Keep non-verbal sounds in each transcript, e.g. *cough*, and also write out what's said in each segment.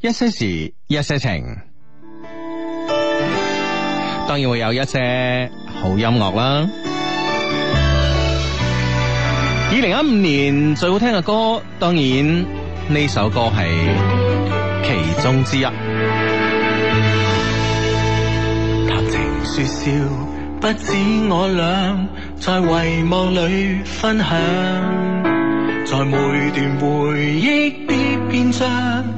一些時，一些情，當然會有一些好音樂啦。二零一五年最好聽嘅歌，當然呢首歌係其中之一。談情說笑，不止我倆，在遺忘裏分享，在每段回憶嘅篇章。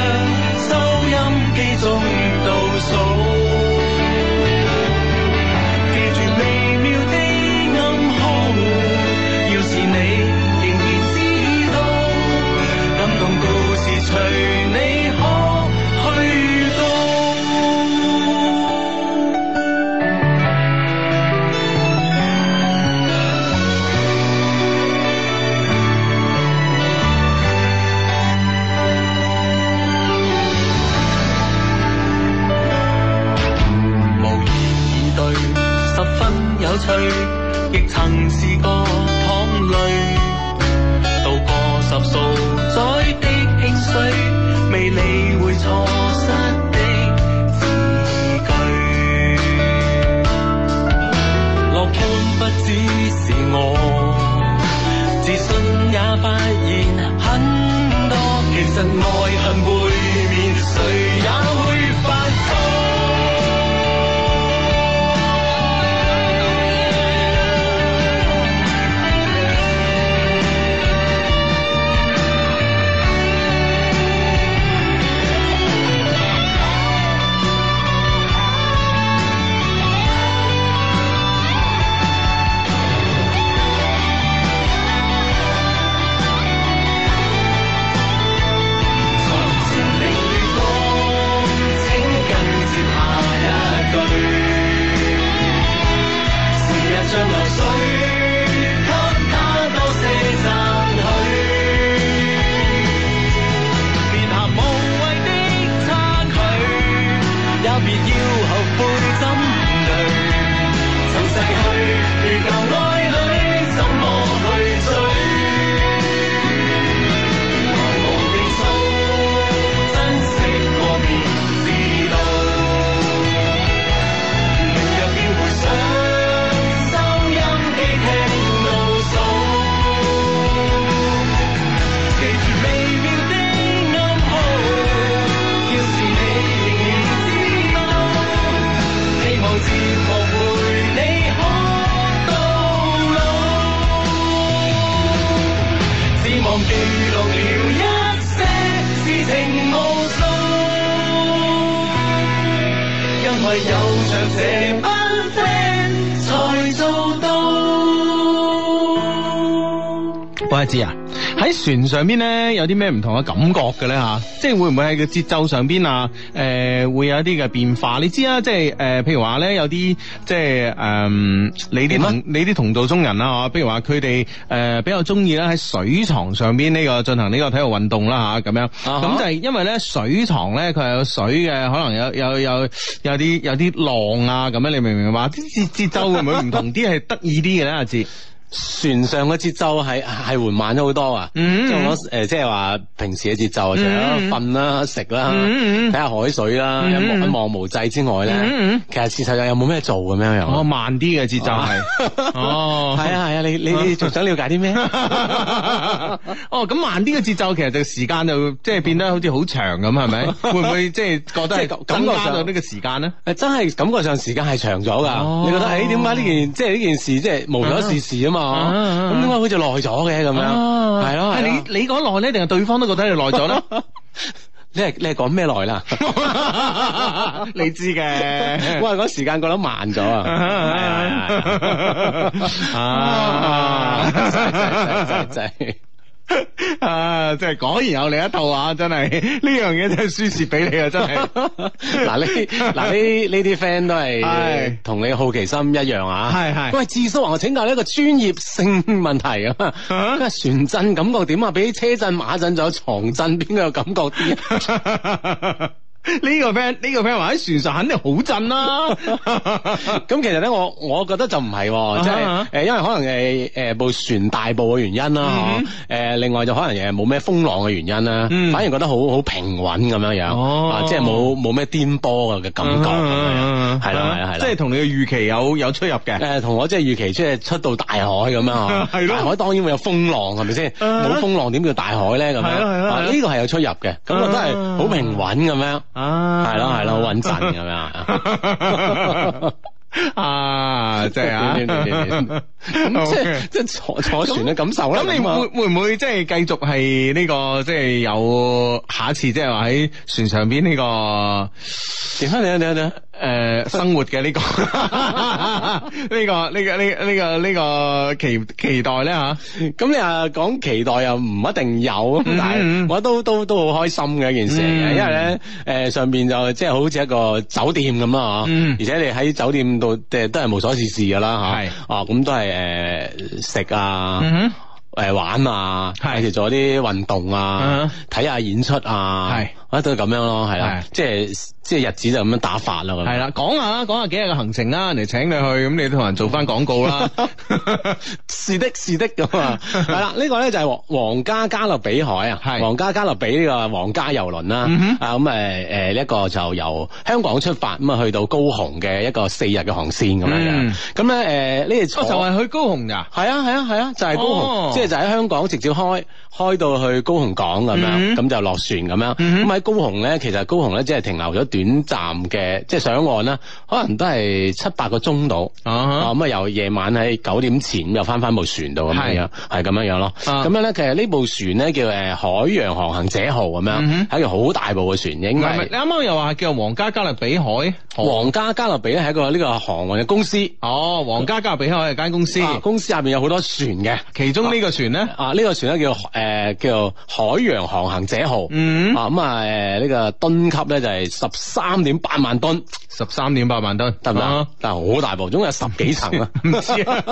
亦曾試過淌淚，渡過十數載的興衰，未理會錯失的字句。樂觀不只是我，自信也發現很多。其實愛恨背。阿志啊，喺、啊、船上邊咧有啲咩唔同嘅感覺嘅咧吓，即係會唔會喺個節奏上邊啊？誒、呃，會有一啲嘅變化。你知啊，即係誒、呃，譬如話咧有啲即係誒，你啲同你啲同道中人啊，吓，譬如話佢哋誒比較中意咧喺水床上邊呢個進行呢個體育運動啦吓，咁、啊、樣。咁、uh huh. 就係因為咧水床咧佢係有水嘅，可能有有有有啲有啲浪啊咁樣，你明唔明白？啲節節奏會唔會唔同啲係得意啲嘅咧，阿志？啊啊船上嘅節奏係係緩慢咗好多啊！即係我誒，即係話平時嘅節奏，除咗瞓啦、食啦、睇下海水啦、一望無際之外咧，其實事實上有冇咩做咁樣又。哦，慢啲嘅節奏係。哦，係啊係啊，你你你仲想了解啲咩？哦，咁慢啲嘅節奏其實就時間就即係變得好似好長咁，係咪？會唔會即係覺得感覺上呢個時間咧？真係感覺上時間係長咗㗎。你覺得誒點解呢件即係呢件事即係無所事事啊嘛？咁點解好似耐咗嘅咁樣？係咯，係你你覺得耐咧，定係對方都覺得你耐咗咧？你係你係講咩耐啦？你知嘅，我係講時間覺得慢咗啊！係啊， *laughs* 啊！真係果然有另一套啊！真係呢樣嘢真係輸蝕俾你啊！真係嗱呢嗱呢呢啲 friend 都係同你好奇心一樣啊！係係， *laughs* 是喂智叔，我請教你一個專業性問題啊！吓 *laughs* 船震感覺點啊？比車震馬震仲有床震，邊個有感覺啲啊？ *laughs* *laughs* 呢個 friend 呢個 friend 話喺船上肯定好震啦，咁其實咧我我覺得就唔係，即係誒，因為可能誒誒部船大部嘅原因啦，誒另外就可能誒冇咩風浪嘅原因啦，反而覺得好好平穩咁樣樣，即係冇冇咩顛簸嘅感覺，係啦係啦係啦，即係同你嘅預期有有出入嘅，誒同我即係預期即係出到大海咁樣，大海當然會有風浪係咪先？冇風浪點叫大海咧咁樣？呢個係有出入嘅，咁我都係好平穩咁樣。啊，係咯係咯，好穩陣咁樣啊！啊，即係 *laughs* 啊，咁 *laughs* *laughs* 即係是 Okay. 即係坐坐船嘅感受啦 *laughs* 那。咁的你會 *laughs* 會唔會即係繼續係呢、這個即係、就是、有下一次即係話喺船上邊、這、呢個點樣？點樣點樣？誒，生活嘅呢個呢個呢個呢呢個呢個期期待咧嚇，咁你啊講期待又唔一定有，但係我都都都好開心嘅一件事嘅，因為咧誒上邊就即係好似一個酒店咁啦，而且你喺酒店度即係都係無所事事嘅啦嚇，哦咁都係誒食啊，誒玩啊，係或者做啲運動啊，睇下演出啊，係我都係咁樣咯，係啦，即係。即係日子就咁樣打發啦，係啦，講下啦，講下幾日嘅行程啦，人哋請你去，咁你都同人做翻廣告啦，是的，是的，咁啊，係啦，呢個咧就係皇皇家加勒比海啊，皇家加勒比呢個皇家遊輪啦，啊咁誒誒呢一個就由香港出發咁啊去到高雄嘅一個四日嘅航綫咁樣樣，咁咧誒呢個就係去高雄噶，係啊係啊係啊，就係高雄，即係就喺香港直接開開到去高雄港咁樣，咁就落船咁樣，咁喺高雄咧，其實高雄咧即係停留咗。短暫嘅即係上岸啦，可能都係七八個鐘度。咁、uh huh. 啊，由夜晚喺九點前又翻翻部船度咁樣樣，係咁、uh huh. 樣樣咯。咁樣咧，其實呢部船咧叫誒海洋航行者號咁樣，係一個好大部嘅船，應該。你啱啱又話叫皇家加勒比海，皇家加勒比咧係一個呢個航運嘅公司。哦，皇家加勒比海係間公司，公司下邊有好多船嘅，其中呢個船咧啊，呢個船咧叫誒叫海洋航行者號。啊咁啊誒呢、啊啊這個呃、個噸級咧就係十三點八萬噸，十三點八萬噸，得唔得，但係好大部， *laughs* 總共有十幾層啦，唔知啊，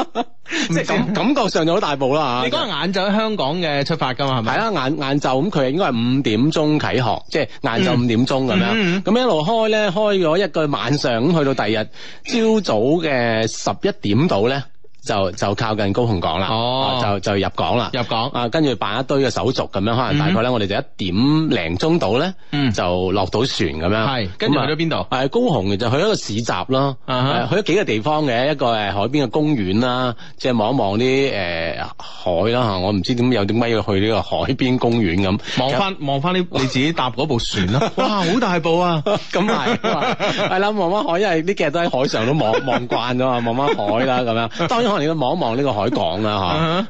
即係感感覺上就好大部啦。你講係晏晝喺香港嘅出發㗎嘛？係咪 *laughs* 吧？係啦，晏晏晝咁佢應該係五點鐘啟航，即係晏晝五點鐘咁樣，咁、嗯、一路開咧，開咗一個晚上咁，去到第二日朝早嘅十一點到咧。就就靠近高雄港啦，就就入港啦，入港啊！跟住辦一堆嘅手續咁樣，可能大概咧，我哋就一點零鐘到咧，就落到船咁樣。係跟住去到邊度？係高雄就，去一個市集咯，去咗幾個地方嘅，一個誒海邊嘅公園啦，即係望一望啲誒海啦吓。我唔知點解有啲乜嘢去呢個海邊公園咁。望翻望翻你你自己搭嗰部船啦。哇，好大部啊！咁係，係啦，望翻海，因為呢幾日都喺海上都望望慣咗啊，望翻海啦咁樣。當然我。你都望一望呢個海港啦，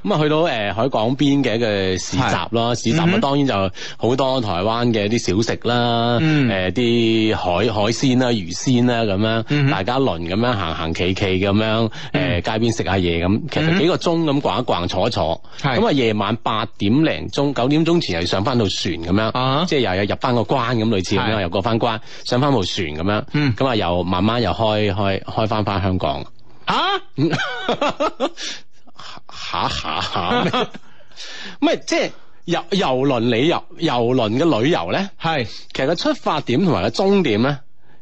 嚇咁啊，去到誒海港邊嘅一個市集啦，市集啊，當然就好多台灣嘅一啲小食啦，誒啲海海鮮啦、魚鮮啦咁樣，大家輪咁樣行行企企咁樣，誒街邊食下嘢咁，其實幾個鐘咁逛一逛，坐一坐，咁啊夜晚八點零鐘、九點鐘前又上翻到船咁樣，即係又有入翻個關咁，類似咁樣又過翻關，上翻部船咁樣，咁啊又慢慢又開開開翻翻香港。吓？吓吓吓咩？唔係 *laughs* *laughs* *laughs* 即係遊遊輪旅遊，遊輪嘅旅遊咧，係是其實個出發點同埋個終點咧，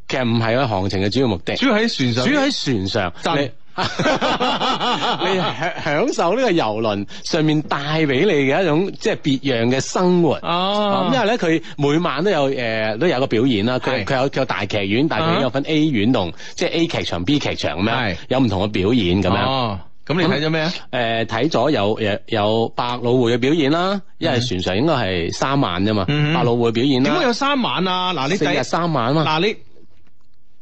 其實唔係個行程嘅主要目的。主要喺船上，主要喺船上。但係你。站你享享受呢個遊輪上面帶俾你嘅一種即係別樣嘅生活。哦，因為咧佢每晚都有誒都有個表演啦。佢佢有佢大劇院，大劇院有分 A 院同即係 A 劇場、B 劇場咩？有唔同嘅表演咁樣。哦，咁你睇咗咩啊？誒，睇咗有有有百老匯嘅表演啦。因為船上應該係三晚啫嘛。百老匯嘅表演啦。點解有三晚啊？嗱，你四日三晚嘛。嗱，你。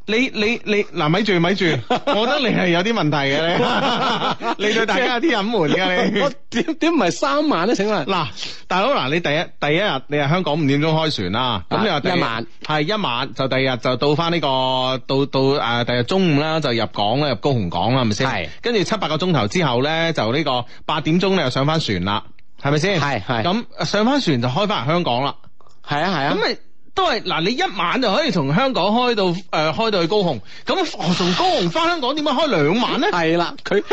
你你你嗱，咪住咪住，我覺得你係有啲問題嘅你，你對大家有啲隱瞞㗎你。我點點唔係三晚咧？請問。嗱，大佬嗱，你第一第一日你係香港五點鐘開船啦，咁你話一晚係一晚，就第二日就到翻呢個到到誒第二日中午啦，就入港啦，入高雄港啦，係咪先？係。跟住七八個鐘頭之後咧，就呢個八點鐘你又上翻船啦，係咪先？係。咁上翻船就開翻嚟香港啦。係啊係啊。咁咪？都係嗱，你一晚就可以從香港開到誒、呃，開到去高雄。咁從高雄翻香港開兩晚呢，點解開兩晚咧？係啦，佢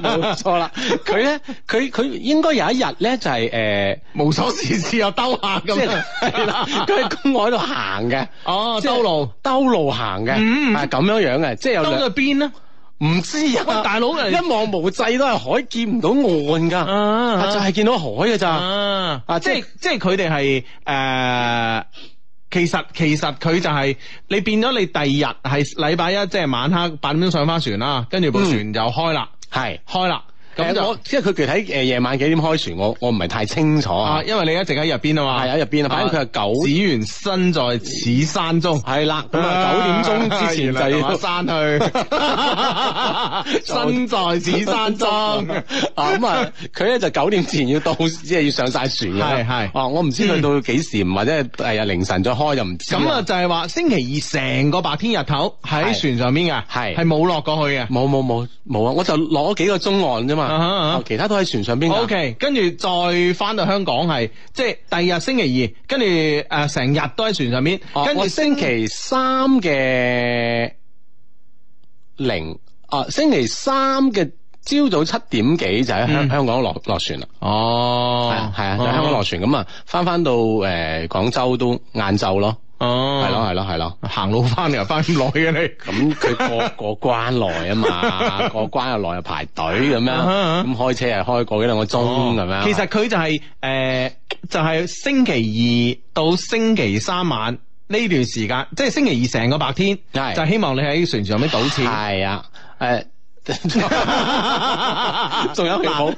冇錯啦。佢咧，佢佢應該有一日咧、就是，就係誒，無所事事又兜下咁，係啦。佢係公海度行嘅，哦，就是、兜路兜路行嘅，係咁、嗯、樣樣嘅，即係兜去邊咧？唔知呀、啊，大佬， *laughs* 一望無際都係海，見唔到岸噶，啊、就係見到海嘅咋，啊，啊即係即係佢哋係誒其實其實佢就係、是、你變咗你第二日係禮拜一，即、就、係、是、晚黑八點鐘上返船啦，跟住部船就開啦，係開啦。咁即係佢具體誒夜晚幾點開船，我我唔係太清楚啊。因為你一直喺入邊啊嘛。係喺入邊啊。反正佢係九。只緣身在此山中。係、啊、啦，咁啊九點鐘之前就要翻山去。 *laughs* 身在此山中。咁做了 *laughs* 啊，佢、嗯、咧就九點前要到，即係要上晒船。係係。哦、啊，我唔知去到幾時，唔、嗯、或者係凌晨再開就唔知。咁啊，就係話星期二成個白天日頭喺船上邊㗎，係係冇落過去嘅。冇冇冇冇啊！我就攞幾個鐘岸啫嘛。Uh huh, uh huh. 其他都喺船上邊。O K，跟住再翻到香港係，即係第二日星期二，跟住誒成日都喺船上邊。跟住、啊星，啊、星期三嘅零，啊星期三嘅朝早七點幾就喺香香港、嗯、落落船啦。哦，係啊係啊，就香港落船咁啊，翻翻、哦、到誒廣、呃、州都晏晝咯。哦，係咯係咯係咯，行路翻嚟又翻咁耐嘅你，咁 *laughs* 佢、嗯、過過關嚟啊嘛，過關又嚟又排隊咁樣，咁、啊啊嗯、開車又開過幾兩個鐘咁、哦、樣。其實佢就係、是、誒、呃，就係、是、星期二到星期三晚呢段時間，即係星期二成個白天，是就希望你喺船上面賭錢。係啊，誒、呃。呃仲 *laughs* 有好，仲有好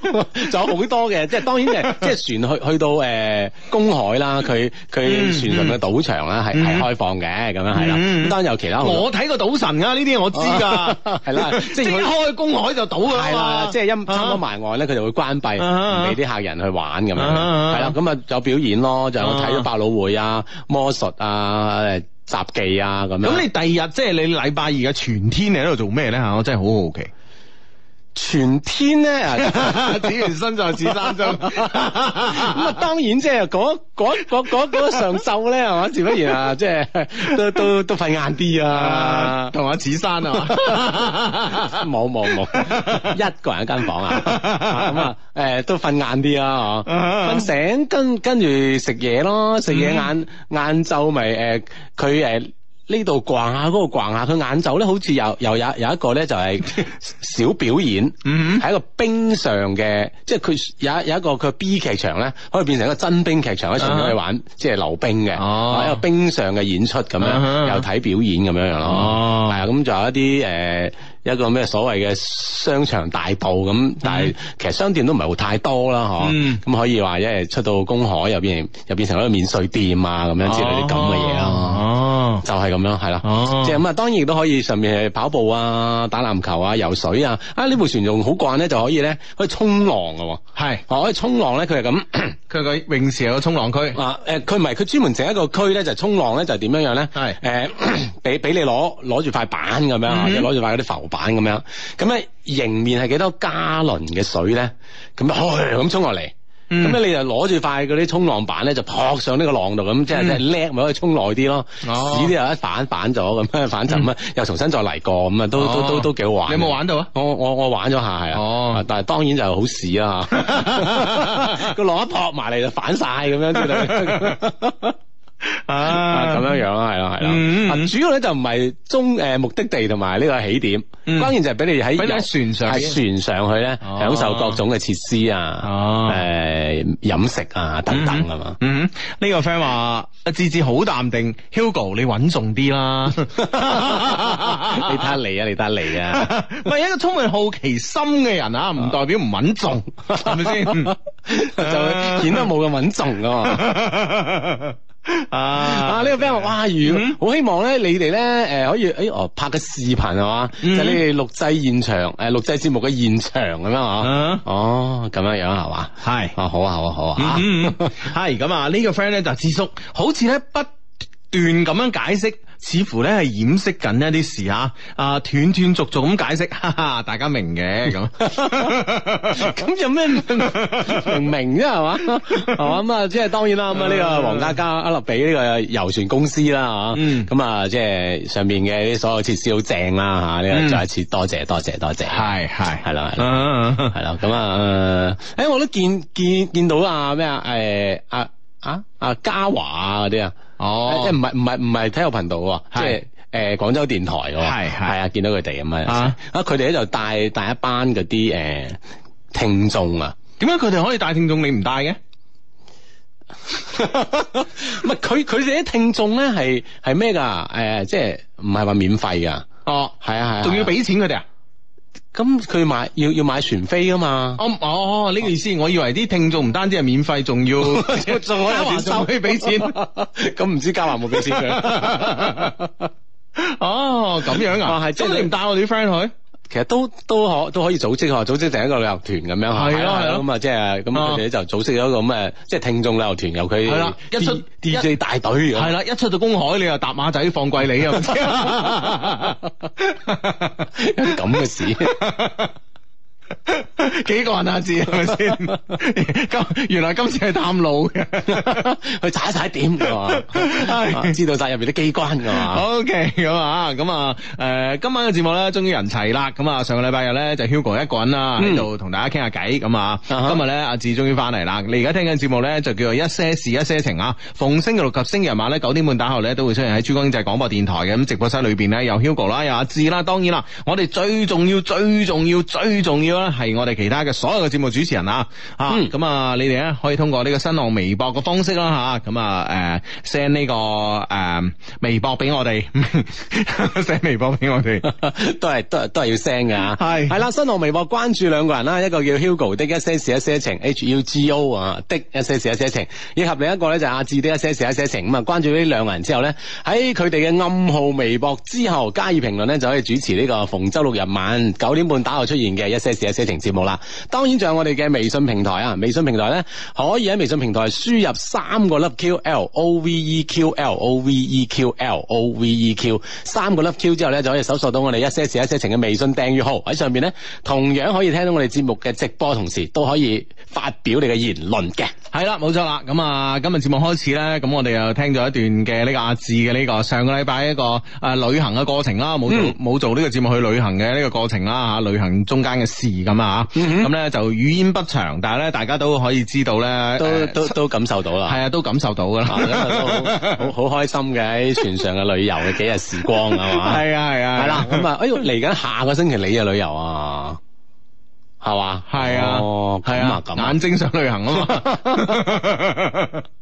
多嘅，即係當然係即係船去去到誒、呃、公海啦，佢佢船上嘅賭場啦，係係、嗯、開放嘅咁樣係啦。當然、嗯、有其他我睇過賭神啊，呢啲嘢我知㗎，係啦，即係開公海就賭啦。係啦、啊，即係一差唔多埋岸咧，佢就會關閉，唔俾啲客人去玩咁樣。係、啊、啦，咁啊有表演咯，就我睇咗百老匯啊、魔術啊、雜技啊咁樣。咁你第二日即係你禮拜二嘅全天你喺度做咩咧嚇？我真係好好奇。全天咧，只緣 *laughs* 身在此山中，咁啊，當然即係嗰嗰嗰嗰嗰上晝咧，係嘛，自不然啊，即係都都都瞓晏啲啊，同阿子山啊，冇冇冇，一個人一間房啊，咁啊，誒，都瞓晏啲啊。瞓醒跟跟住食嘢咯，食嘢晏晏晝咪誒，佢誒、嗯。呢度逛下，嗰度逛下，佢演奏咧，好似又又有有一個咧，就係小表演， *laughs* 嗯，係一個冰上嘅，即係佢有有一個佢 B 劇場咧，可以變成一個真冰劇場喺上面去玩，uh uh. 即係溜冰嘅哦，ium, uh uh. 一個冰上嘅演出咁樣，又睇表演咁樣樣咯哦，係啊、uh，咁、uh. 仲有一啲誒、呃、一個咩所謂嘅商場大道咁，但係其實商店都唔係好太多啦，嗬，咁、uh uh. 可以話一係出到公海又變又變成一個免稅店啊，咁樣之類啲咁嘅嘢咯。mus idez 就係咁樣，係啦，即係咁啊。當然亦都可以，上面係跑步啊、打籃球啊、游水啊。啊、哎，呢部船用好慣咧，就可以咧，可以衝浪噶、啊、喎。係是、啊，可以衝浪咧，佢係咁，佢個泳池有個衝浪區。啊，誒、呃，佢唔係，佢專門整一個區咧，就係、是、衝浪咧，就係、是、點樣呢是、呃、樣咧。係、嗯，誒，俾俾你攞，攞住塊板咁樣，又攞住塊啲浮板咁樣。咁、哎、咧、呃，迎面係幾多加侖嘅水咧？咁樣，去咁衝落嚟。咁咧、嗯、你就攞住塊嗰啲衝浪板咧，就撲上呢個浪度咁，即係即係叻，咪、嗯、可以衝耐啲咯。哦，屎啲又一反反咗咁樣反沉啊，又重新再嚟過，咁啊都、哦、都都都幾好玩。你有冇玩到玩啊？我我我玩咗下，係啊，但係當然就係好屎啊！個浪一撲埋嚟就反晒咁樣。 *laughs* 啊，咁樣樣咯，係、嗯、咯，係咯、 *laughs* 啊，嗯、主要咧就唔係中誒目的地同埋呢個起點，嗯、關鍵就係俾你喺船上，喺船上去咧，啊、去享受各種嘅設施啊，誒、啊，飲、啊、食啊等等啊。嘛、嗯。嗯，呢、嗯嗯這個 friend 話，阿志志好淡定，Hugo 你穩重啲啦， *laughs* *laughs* 你睇下嚟啊，你睇下嚟啊，唔 *laughs* 係 *laughs* 一個充滿好奇心嘅人啊，唔代表唔穩重，係咪先？就顯得冇咁穩重啊。Uh, 啊！的啊呢個 friend，哇！如好、mm hmm. 希望咧，你哋咧誒，可以誒哦拍個視頻係嘛，就係你哋錄製現場誒，錄製節目嘅現場咁樣嗬。哦，咁樣樣係嘛。係。哦是、啊，好啊，好啊，好啊。吓，係咁啊，啊這個、呢個 friend 咧就智叔，好似咧不斷咁樣解釋。似乎咧係掩飾緊一啲事吓，啊斷斷續續咁解釋，哈哈，大家明嘅咁，咁有咩唔明啫係嘛，啊咁啊，即係當然啦咁啊呢個黃家家阿立比呢個遊船公司啦吓，咁啊即係上面嘅啲所有設施好正啦吓，呢個再一次多謝多謝多謝，係係係啦係啦，係啦，咁啊，誒，我都見見見到阿咩啊，誒阿啊阿嘉華啊嗰啲啊。哦即是是即係唔係唔係唔係體育頻道喎，即係是誒、呃、廣州電台喎，係係是啊，見到佢哋咁樣啊，啊佢哋咧就帶帶一班嗰啲誒聽眾啊，點解佢哋可以帶聽眾你唔帶嘅？唔係佢佢哋啲聽眾咧係係咩㗎？誒、呃、即係唔係話免費㗎？哦，係啊係，仲要俾錢佢哋啊？咁佢買要要買船飛啊嘛！哦哦，哦啊，呢個意思，我以為啲聽眾唔單止係免費，仲要仲阿華仲可以俾錢，咁唔知加華冇俾錢佢。哦，咁樣啊，係即係你唔帶我啲 friend 去。其實都都可都可以組織啊，組織成一個旅遊團咁樣吓，係咯的，咁啊的，即係咁佢哋就組織咗一個咁嘅即係聽眾旅遊團，由佢係啦，一出，一出一 DJ 大隊，係啦，一出到公海你又搭馬仔放貴你啊，有啲咁嘅 *laughs* *laughs* 事。 *laughs* *laughs* *laughs* 幾個人啊？志係咪先？咁 *laughs* 原來今次係探路嘅，去踩踩點嘅嘛？知道晒入邊啲機關嘅嘛？OK，咁啊，咁啊，誒，今晚嘅節目咧，終於人齊啦。咁、嗯、啊， *laughs* 上個禮拜日咧就是、Hugo 一個人啦喺度同大家傾下偈。咁、嗯、啊，嗯、今日咧阿志終於翻嚟啦。你而家聽緊節目咧就叫做一些事一些情啊。逢星期六及星，星期日晚咧九點半打後咧都會出現喺珠江經濟廣播電台嘅咁直播室裏邊咧有 Hugo 啦，有，Hugo，有，Hugo，有阿志啦。當然啦，我哋最重要最重要最重要。係我哋其他嘅所有嘅節目主持人啊，啊，咁啊，你哋咧可以通過呢個新浪微博嘅方式啦，吓，咁啊，誒，send 呢個誒、呃、微博俾我哋，寫 *laughs* 微博俾我哋， *laughs* 都係都係都係要 send 噶、啊，係係是啦，新浪微博關注兩個人啦、啊，一個叫 Hugo 的一些事一些情 H U G O 啊，的一些事一些情，以及另一個咧就係阿志的一些事一些情，咁啊，關注呢兩個人之後咧，喺佢哋嘅暗號微博之後加以評論咧，就可以主持呢個逢周六日晚九點半打後出現嘅一些事一些情節目啦，當然仲有我哋嘅微信平台啊！微信平台呢，可以喺微信平台輸入三個粒 Q L O V E Q L O V E Q L O V E Q，三個粒 Q 之後呢，就可以搜索到我哋一些事、一些情嘅微信訂閱號喺上面呢，同樣可以聽到我哋節目嘅直播，同時都可以。發表你嘅言論嘅，係啦，冇錯啦。咁啊，今日節目開始呢，咁我哋又聽咗一段嘅呢個阿志嘅呢個上個禮拜一個誒、呃、旅行嘅過程啦，冇冇做呢個節目去、呃、旅行嘅呢個過程啦吓，旅行中間嘅事咁啊吓，咁呢就語焉不詳，mm hmm. often, 但係呢，大家都可以知道呢、呃，都都感受到啦，係啊，都感受到噶啦，好開心嘅喺船上嘅旅遊嘅幾日時光係嘛，係啊係啊，係啦，咁啊，哎喲嚟緊下個星期你嘅旅遊啊！係嘛？係啊，哦噢，係啊，啊眼睛想旅行啊嘛。 *laughs* *laughs*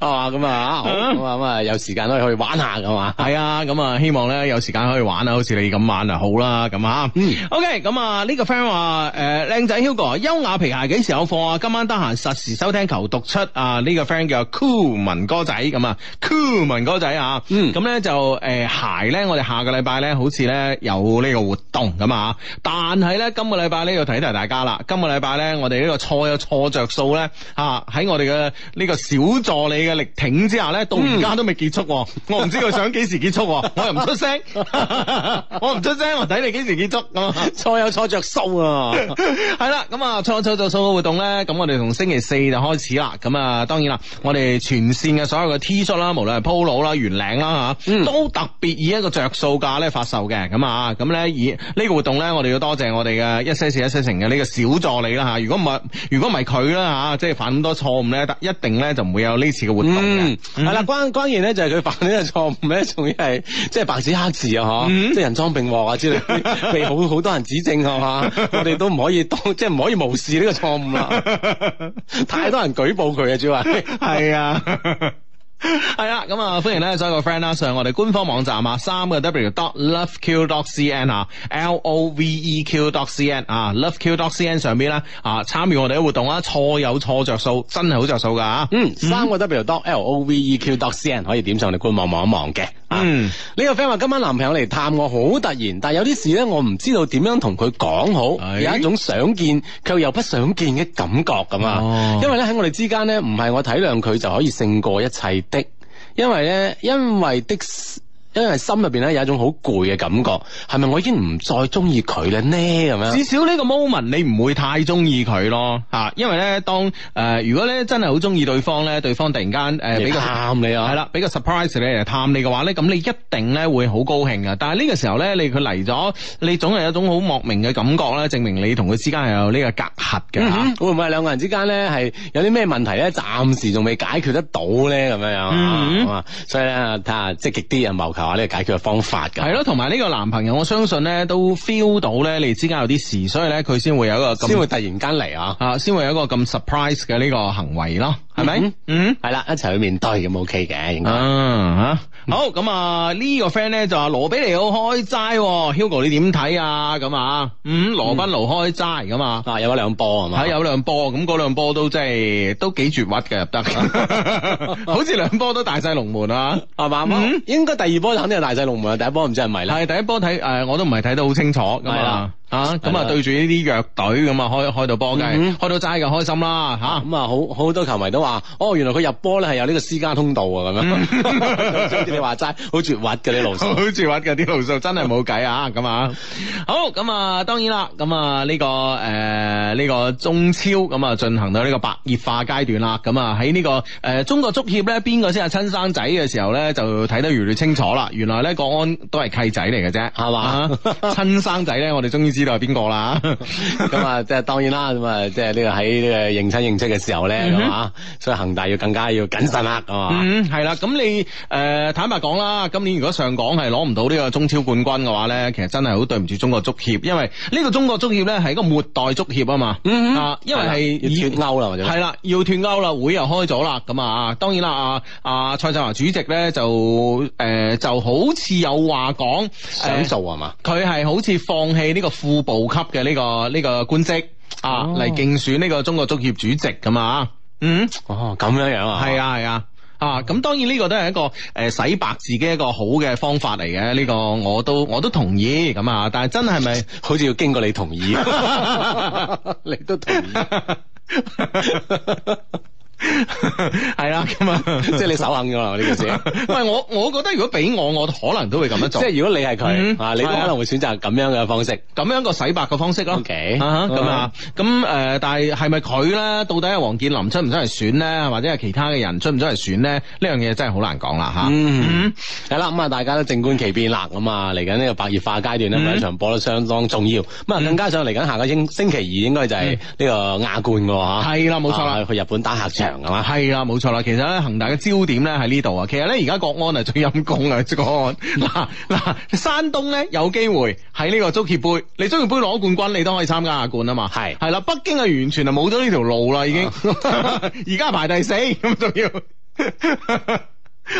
啊嘛，咁啊，咁啊有時間可以去玩下噶嘛。係啊，咁啊希望咧有時間可以玩啊，好似你咁玩啊好啦，咁啊。O K，咁啊呢個 friend 話誒靚仔 Hugo，優雅皮鞋幾時有貨啊？今晚得閒實時收聽求讀出啊。呢個 friend 叫 Cool 文哥仔咁啊，Cool 文哥仔啊。嗯，咁咧就誒鞋咧，我哋下個禮拜咧，好似咧有呢個活動咁啊。但係咧今個禮拜咧要提提大家啦，今個禮拜咧我哋呢個錯有錯着數咧啊，喺我哋嘅呢個小。輔、嗯、助你嘅力挺之下咧，到而家都未結束，我唔知佢想幾時結束，我又唔出, *laughs* 出聲，我唔出聲，我睇你幾時結束，錯有錯着數啊！係啦， *laughs* 咁啊，錯有錯着數嘅活動咧，咁我哋從星期四就開始啦。咁啊，當然啦，我哋全線嘅所有嘅 T 恤啦，shirt, 無論係 POLO 啦、圓領啦吓，都特別以一個着數價咧發售嘅。咁啊，咁咧以呢個活動咧，我哋要多謝我哋嘅一些事一些情嘅呢個小助理啦吓、啊。如果唔係，如果唔係佢啦吓，即係犯咁多錯誤咧，一定咧就唔。會有呢次嘅活動嘅，係啦、嗯嗯，關關鍵咧就係佢犯呢個錯誤咧，仲要係、就是嗯、即係白紙黑字啊，嗬，即係人贓並獲啊之類， *laughs* 被好好多人指證係嘛， *laughs* 我哋都唔可以當，即係唔可以無視呢個錯誤啦， *laughs* *laughs* 太多人舉報佢 *laughs* 是啊，主要係，係啊。係 *laughs* 啦，咁啊，歡迎咧所有 friend 啦上我哋官方網站啊，三個 w dot loveq dot cn 啊，l o v e q dot cn 啊，loveq dot cn 上邊啦啊，參與我哋嘅活動啦，錯有錯着數，真係好着數噶啊，嗯，三個 w dot l o v e q dot cn 可以點上我哋官網望一望嘅。嗯，呢、mm. 個 friend 話今晚男朋友嚟探我，好突然，但有啲事呢，我唔知道點樣同佢講好，是有一種想見卻又不想見嘅感覺咁啊。Oh. 因為呢，喺我哋之間呢，唔係我體諒佢就可以勝過一切的，因為呢，因為的。因為心入邊咧有一種好攰嘅感覺，係咪我已經唔再中意佢咧呢？咁樣至少呢個 moment 你唔會太中意佢咯，吓，因為咧當誒、呃嗯、如果咧真係好中意對方咧，對方突然間誒、呃、畀個探你啊，係啦，畀個 surprise 你嚟探你嘅話咧，咁你一定咧會好高興啊！但係呢個時候咧，你佢嚟咗，你總係有一種好莫名嘅感覺咧，證明你同佢之間係有呢個隔閡嘅吓，嗯、會唔會係兩個人之間咧係有啲咩問題咧？暫時仲未解決得到咧咁樣樣啊，嗯、所以咧睇下積極啲人。謀求，求。話呢個解決嘅方法嘅係咯，同埋呢個男朋友，我相信咧都 feel 到咧你哋之間有啲事，所以咧佢先會有一個咁先會突然間嚟啊，吓、啊，先會有一個咁 surprise 嘅呢個行為咯，係咪？嗯，係啦、嗯，一齊去面對咁 OK 嘅，應該好咁啊！呢個 friend 咧就話羅比尼奧開齋，Hugo 你點睇啊？咁啊，嗯，羅賓奴開齋咁、嗯、啊，有咗兩波啊，嘛，有兩波，咁嗰兩波都真係都幾絕屈嘅，入得， *laughs* *laughs* 好似兩波都大細龍門啊，係咪啱？嗯，應該第二波肯定係大細龍門啊，第一波唔知係咪啦。係第一波睇誒、呃，我都唔係睇得好清楚咁啦。嗯咁啊，嗯、對住呢啲弱隊咁啊，開開到波嘅，開到齋嘅、嗯、開、開心啦，吓咁、嗯、啊、嗯、好好多球迷都話，哦，原來佢入波咧係有呢個私家通道啊，咁樣，你話齋，好絕滑嘅啲路數，好 *laughs* 絕滑嘅啲路數，真係冇計啊，咁啊，好，咁、嗯、啊、嗯，當然啦，咁、嗯、啊、呢、這個誒呢、呃這個中超咁啊，進行到呢個白熱化階段啦，咁啊喺呢個誒、呃、中國足協咧，邊個先係親生仔嘅時候咧，就睇得越嚟越清楚啦，原來咧國安都係契仔嚟嘅啫，係、啊、嘛，親 *laughs* 生仔咧，我哋終於知。就係邊個啦？咁啊，即係當然啦，咁啊，即係呢個喺呢個認親認識嘅時候咧，咁啊、mm，hmm. 所以恒大要更加要謹慎啊，咁啊，嗯，係啦。咁你誒、呃、坦白講啦，今年如果上港係攞唔到呢個中超冠軍嘅話咧，其實真係好對唔住中國足協，因為呢個中國足協咧係一個末代足協啊嘛。嗯啊、mm，hmm. 因為係要脫鈎啦，係啦，要脫鈎啦，會又開咗啦。咁啊，當然啦，啊啊蔡振華主席咧就誒、啊、就好似有話講想做啊嘛？佢係、啊、好似放棄呢、這個副部級嘅呢、呢個呢、呢個官職、哦、啊，嚟競選呢個中國足協主席咁啊，嗯，哦咁樣樣啊，係啊係啊，啊咁當然呢個都係一個誒、呃、洗白自己一個好嘅方法嚟嘅，呢、呢個我都我都同意咁啊，但係真係咪好似要經過你同意？ *laughs* *laughs* 你都同意。 *laughs* *laughs* 係啦，咁啊，即係你手肯咗啦呢件事。唔係我，我覺得如果俾我，我可能都會咁樣做。即係如果你係佢，你可能會選擇咁樣嘅方式，咁樣個洗白嘅方式咯。OK，咁啊，咁誒，但係係咪佢咧？到底係王健林出唔出嚟選咧？或者係其他嘅人出唔出嚟選咧？呢樣嘢真係好難講啦吓。嗯，係啦，咁啊，大家都靜觀其變啦啊，嚟緊呢個白熱化階段咧，每一場波都相當重要。咁啊，更加上嚟緊下個星星期二應該就係呢個亞冠嘅話，係啦，冇錯啦，去日本打客係嘛，係啦，冇錯啦。其實咧，恒大嘅焦點咧喺呢度啊。其實咧，而家國安係，最陰功啊，國安。嗱嗱，山東咧有機會喺呢個足協杯，你足協杯攞冠軍，你都可以參加亞冠啊嘛。係係啦，北京係，完全啊冇咗呢條路啦，已經。而家排第四咁仲要。 *laughs*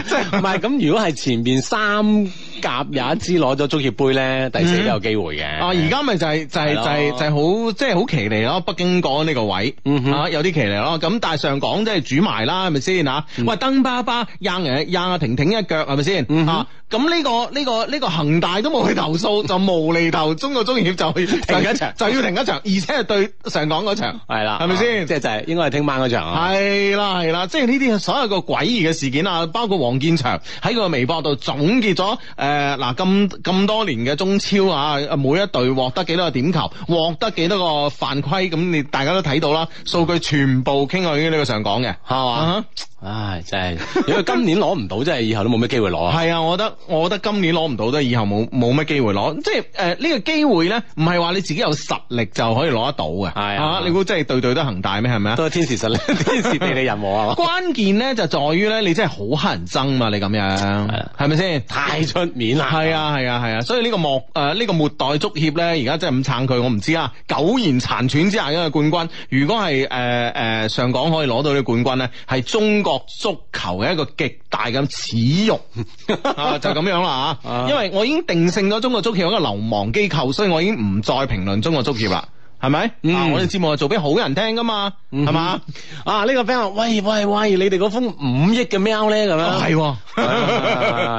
即係唔係咁？如果係前面三甲有一支攞咗足協杯咧，第四都有機會嘅。哦，而家咪就係就係就係就係好即係好奇離咯。北京港呢個位，吓有啲奇離咯。咁但係上港即係煮埋啦，係咪先吓？喂，登巴巴掹人掹阿婷婷一腳，係咪先吓？咁呢個呢個呢個恒大都冇去投訴，就無厘頭中國足協就停一場，就要停一場，而且係對上港嗰場係啦，係咪先？即係就係應該係聽晚嗰場。係啦係啦，即係呢啲所有個詭異嘅事件啊，包括。黃建祥喺個微博度總結咗誒，嗱咁咁多年嘅中超啊，每一隊獲得幾多個點球，獲得幾多個犯規，咁、啊、你大家都睇到啦，數據全部傾向於呢個上講嘅，係嘛吧？唉、啊，真係，如果今年攞唔到，真係 *laughs* 以後都冇乜機會攞、啊。係啊，我覺得我覺得今年攞唔到，都係以後冇冇乜機會攞。即係誒，呃這個、機呢個機會咧，唔係話你自己有實力就可以攞得到嘅。係的啊，的你估真係隊隊都恒大咩？係咪啊？都係天時實力，天時地利人和啊！ *laughs* 關鍵咧就在於咧，你真係好乞人。爭嘛，你咁樣係咪先太出面啦？係啊係啊係啊，啊，所以呢個莫誒呢、呃這個末代足協呢，而家真係咁撐佢，我唔知啊。苟延殘喘之下嘅冠軍，如果係誒誒上港可以攞到呢冠軍呢，係中國足球嘅一個極大嘅恥辱， *laughs* *laughs* 就咁樣啦吓。 *laughs* 因為我已經定性咗中國足協一個流氓機構，所以我已經唔再評論中國足協啦。係咪？啊！我哋節目係做俾好人聽噶嘛，係嘛、啊啊啊？啊！呢個 friend 喂喂喂，你哋嗰封五億嘅 mail 咧，咁樣係係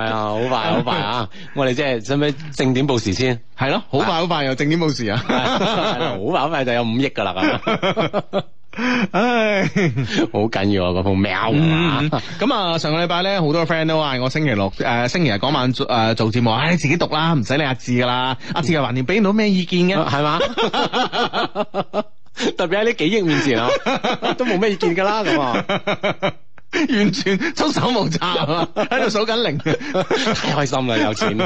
啊！好快好快啊！ *laughs* 我哋即係使唔使正點報時先？係咯、啊，啊、好快好快又正點報時啊！好、 *laughs* 啊啊、快好快就有五億噶啦！ *laughs* 唉，好緊 *laughs* 要啊！嗰封喵咁、嗯、啊，上個禮拜咧，好多 friend 都話我星期六誒、呃，星期日嗰晚誒做節、呃、目，唉、哎，你自己讀啦，唔使你阿志噶啦，阿志又橫掂俾唔到咩意見嘅，係嘛、嗯？啊、 *laughs* *laughs* 特別喺呢幾億面前啊， *laughs* 都冇咩意見噶啦，咁啊，完全束手無策啊，喺度數緊零，太開心啦，有錢。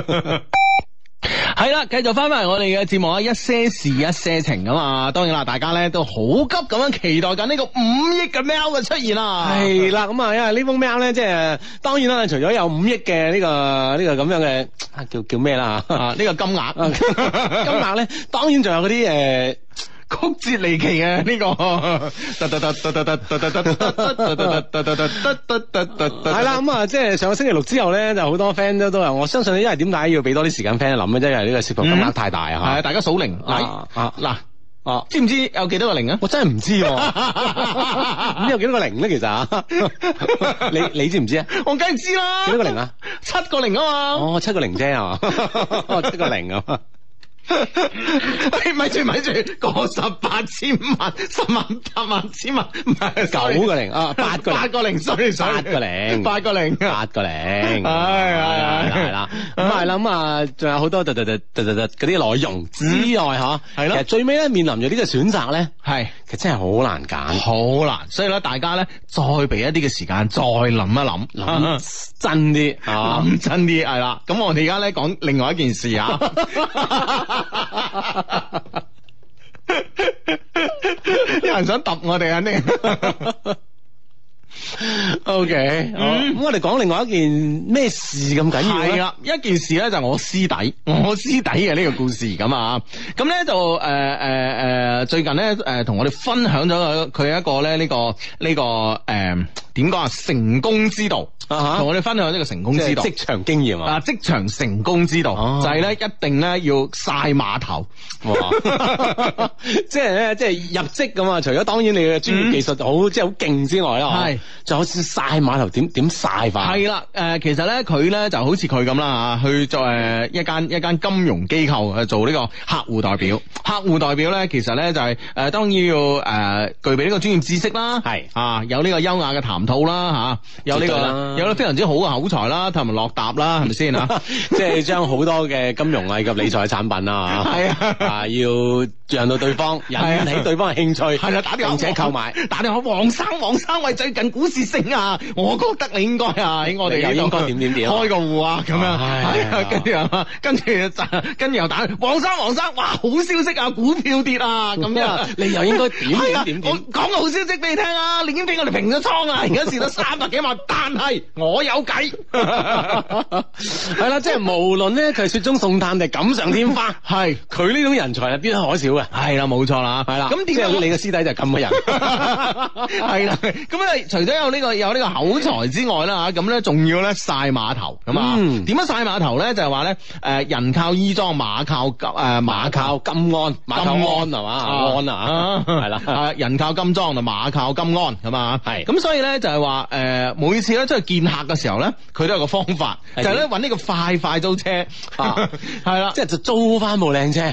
係啦，繼續翻翻嚟，我哋嘅節目啊，一些事一些情噶嘛，當然啦，大家咧都好急咁樣期待緊呢個五億嘅喵嘅出現啦。係啦，咁啊，因為呢封喵咧，即係當然啦，除咗有五億嘅呢、呢個呢、呢個咁樣嘅、啊、叫叫咩啦？呢、 *laughs* 啊呢個金額， *laughs* *laughs* 金額咧，當然仲有嗰啲誒。呃曲折離奇啊！ *laughs* *laughs* 呢個，得係啦，咁啊，即係上個星期六之後咧，就好多 friend 都都話，我相信咧，因為點解要俾多啲時間 friend 諗咧，因為呢個涉及金額太大啊。係、嗯嗯、大家數零嗱啊嗱啊，知唔知有幾多個零啊？我真係唔知喎。咁有幾多個零咧？其實啊， *laughs* *laughs* 你你知唔 *laughs* *laughs* 知啊？我梗係知啦。幾多個零啊？七個零啊嘛。哦，七個零啫係嘛。 *laughs* 七個零啊嘛。 *laughs* 咪住咪住，講十八千萬、十萬、八萬、千萬，九個零啊，八個八個零所以，八個零，八個零，八個零，係係啦，咁係啦，咁啊，仲有好多嗰啲內容之外吓，係咯，其實最尾咧面臨住呢個選擇咧，係其實真係好難揀，好難，所以咧大家咧再俾一啲嘅時間，再諗一諗，諗真啲，諗真啲，係啦，咁我哋而家咧講另外一件事啊。有人想揼我哋啊，呢？O K，咁我哋講另外一件咩事咁緊要係啦，一件事咧，就係我師弟，我師弟嘅呢個故事咁啊。咁咧就誒誒誒，最近咧誒同我哋分享咗佢一個咧呢個呢個誒點講啊成功之道，同我哋分享呢個成功之道職場經驗啊職場成功之道就係咧一定咧要晒碼頭，即係咧即係入職咁啊。除咗當然你嘅專業技術好，即係好勁之外啦。就好似曬碼頭點點晒飯係啦，誒，其實咧佢咧就好似佢咁啦吓，去作誒一間一間金融機構去做呢個客戶代表。客戶代表咧，其實咧就係誒，當然要誒具備呢個專業知識啦，係啊，有呢個優雅嘅談吐啦，吓有呢個有咗非常之好嘅口才啦，同埋落沓啦，係咪先啊？即係將好多嘅金融以及理財嘅產品啦，吓係啊，要讓到對方引起對方嘅興趣，係啦，打電話並且購買，打電話黃生黃生，喂最近。股市升啊，我覺得你應該啊，喺我哋又應該點點點開個戶啊，咁樣，跟住啊，跟住啊，跟住又打黃生黃生，哇，好消息啊，股票跌啊，咁樣，你又應該點點點點，講個好消息俾你聽啊，你已經俾我哋平咗倉啊，而家蝕咗三百幾萬，但係我有計，係啦，即係無論咧，佢係雪中送炭定係錦上添花，係佢呢種人才係邊可少嘅，係啦，冇錯啦，係啦，咁點解你嘅師弟就係咁嘅人，係啦，咁除咗有呢、這個有呢個口才之外啦嚇，咁咧仲要咧晒碼頭咁啊？點樣晒碼頭咧、嗯？就係話咧，誒、呃、人靠衣裝、呃，馬靠金誒、啊啊啊啊啊啊、馬靠金鞍，金鞍係嘛鞍啊？係啦，係人靠金裝就馬靠金鞍咁啊？係咁，所以咧就係話誒每次咧出去見客嘅時候咧，佢都有個方法，就係咧搵呢個快快租車係啦，即係、啊、就，就租返部靚車。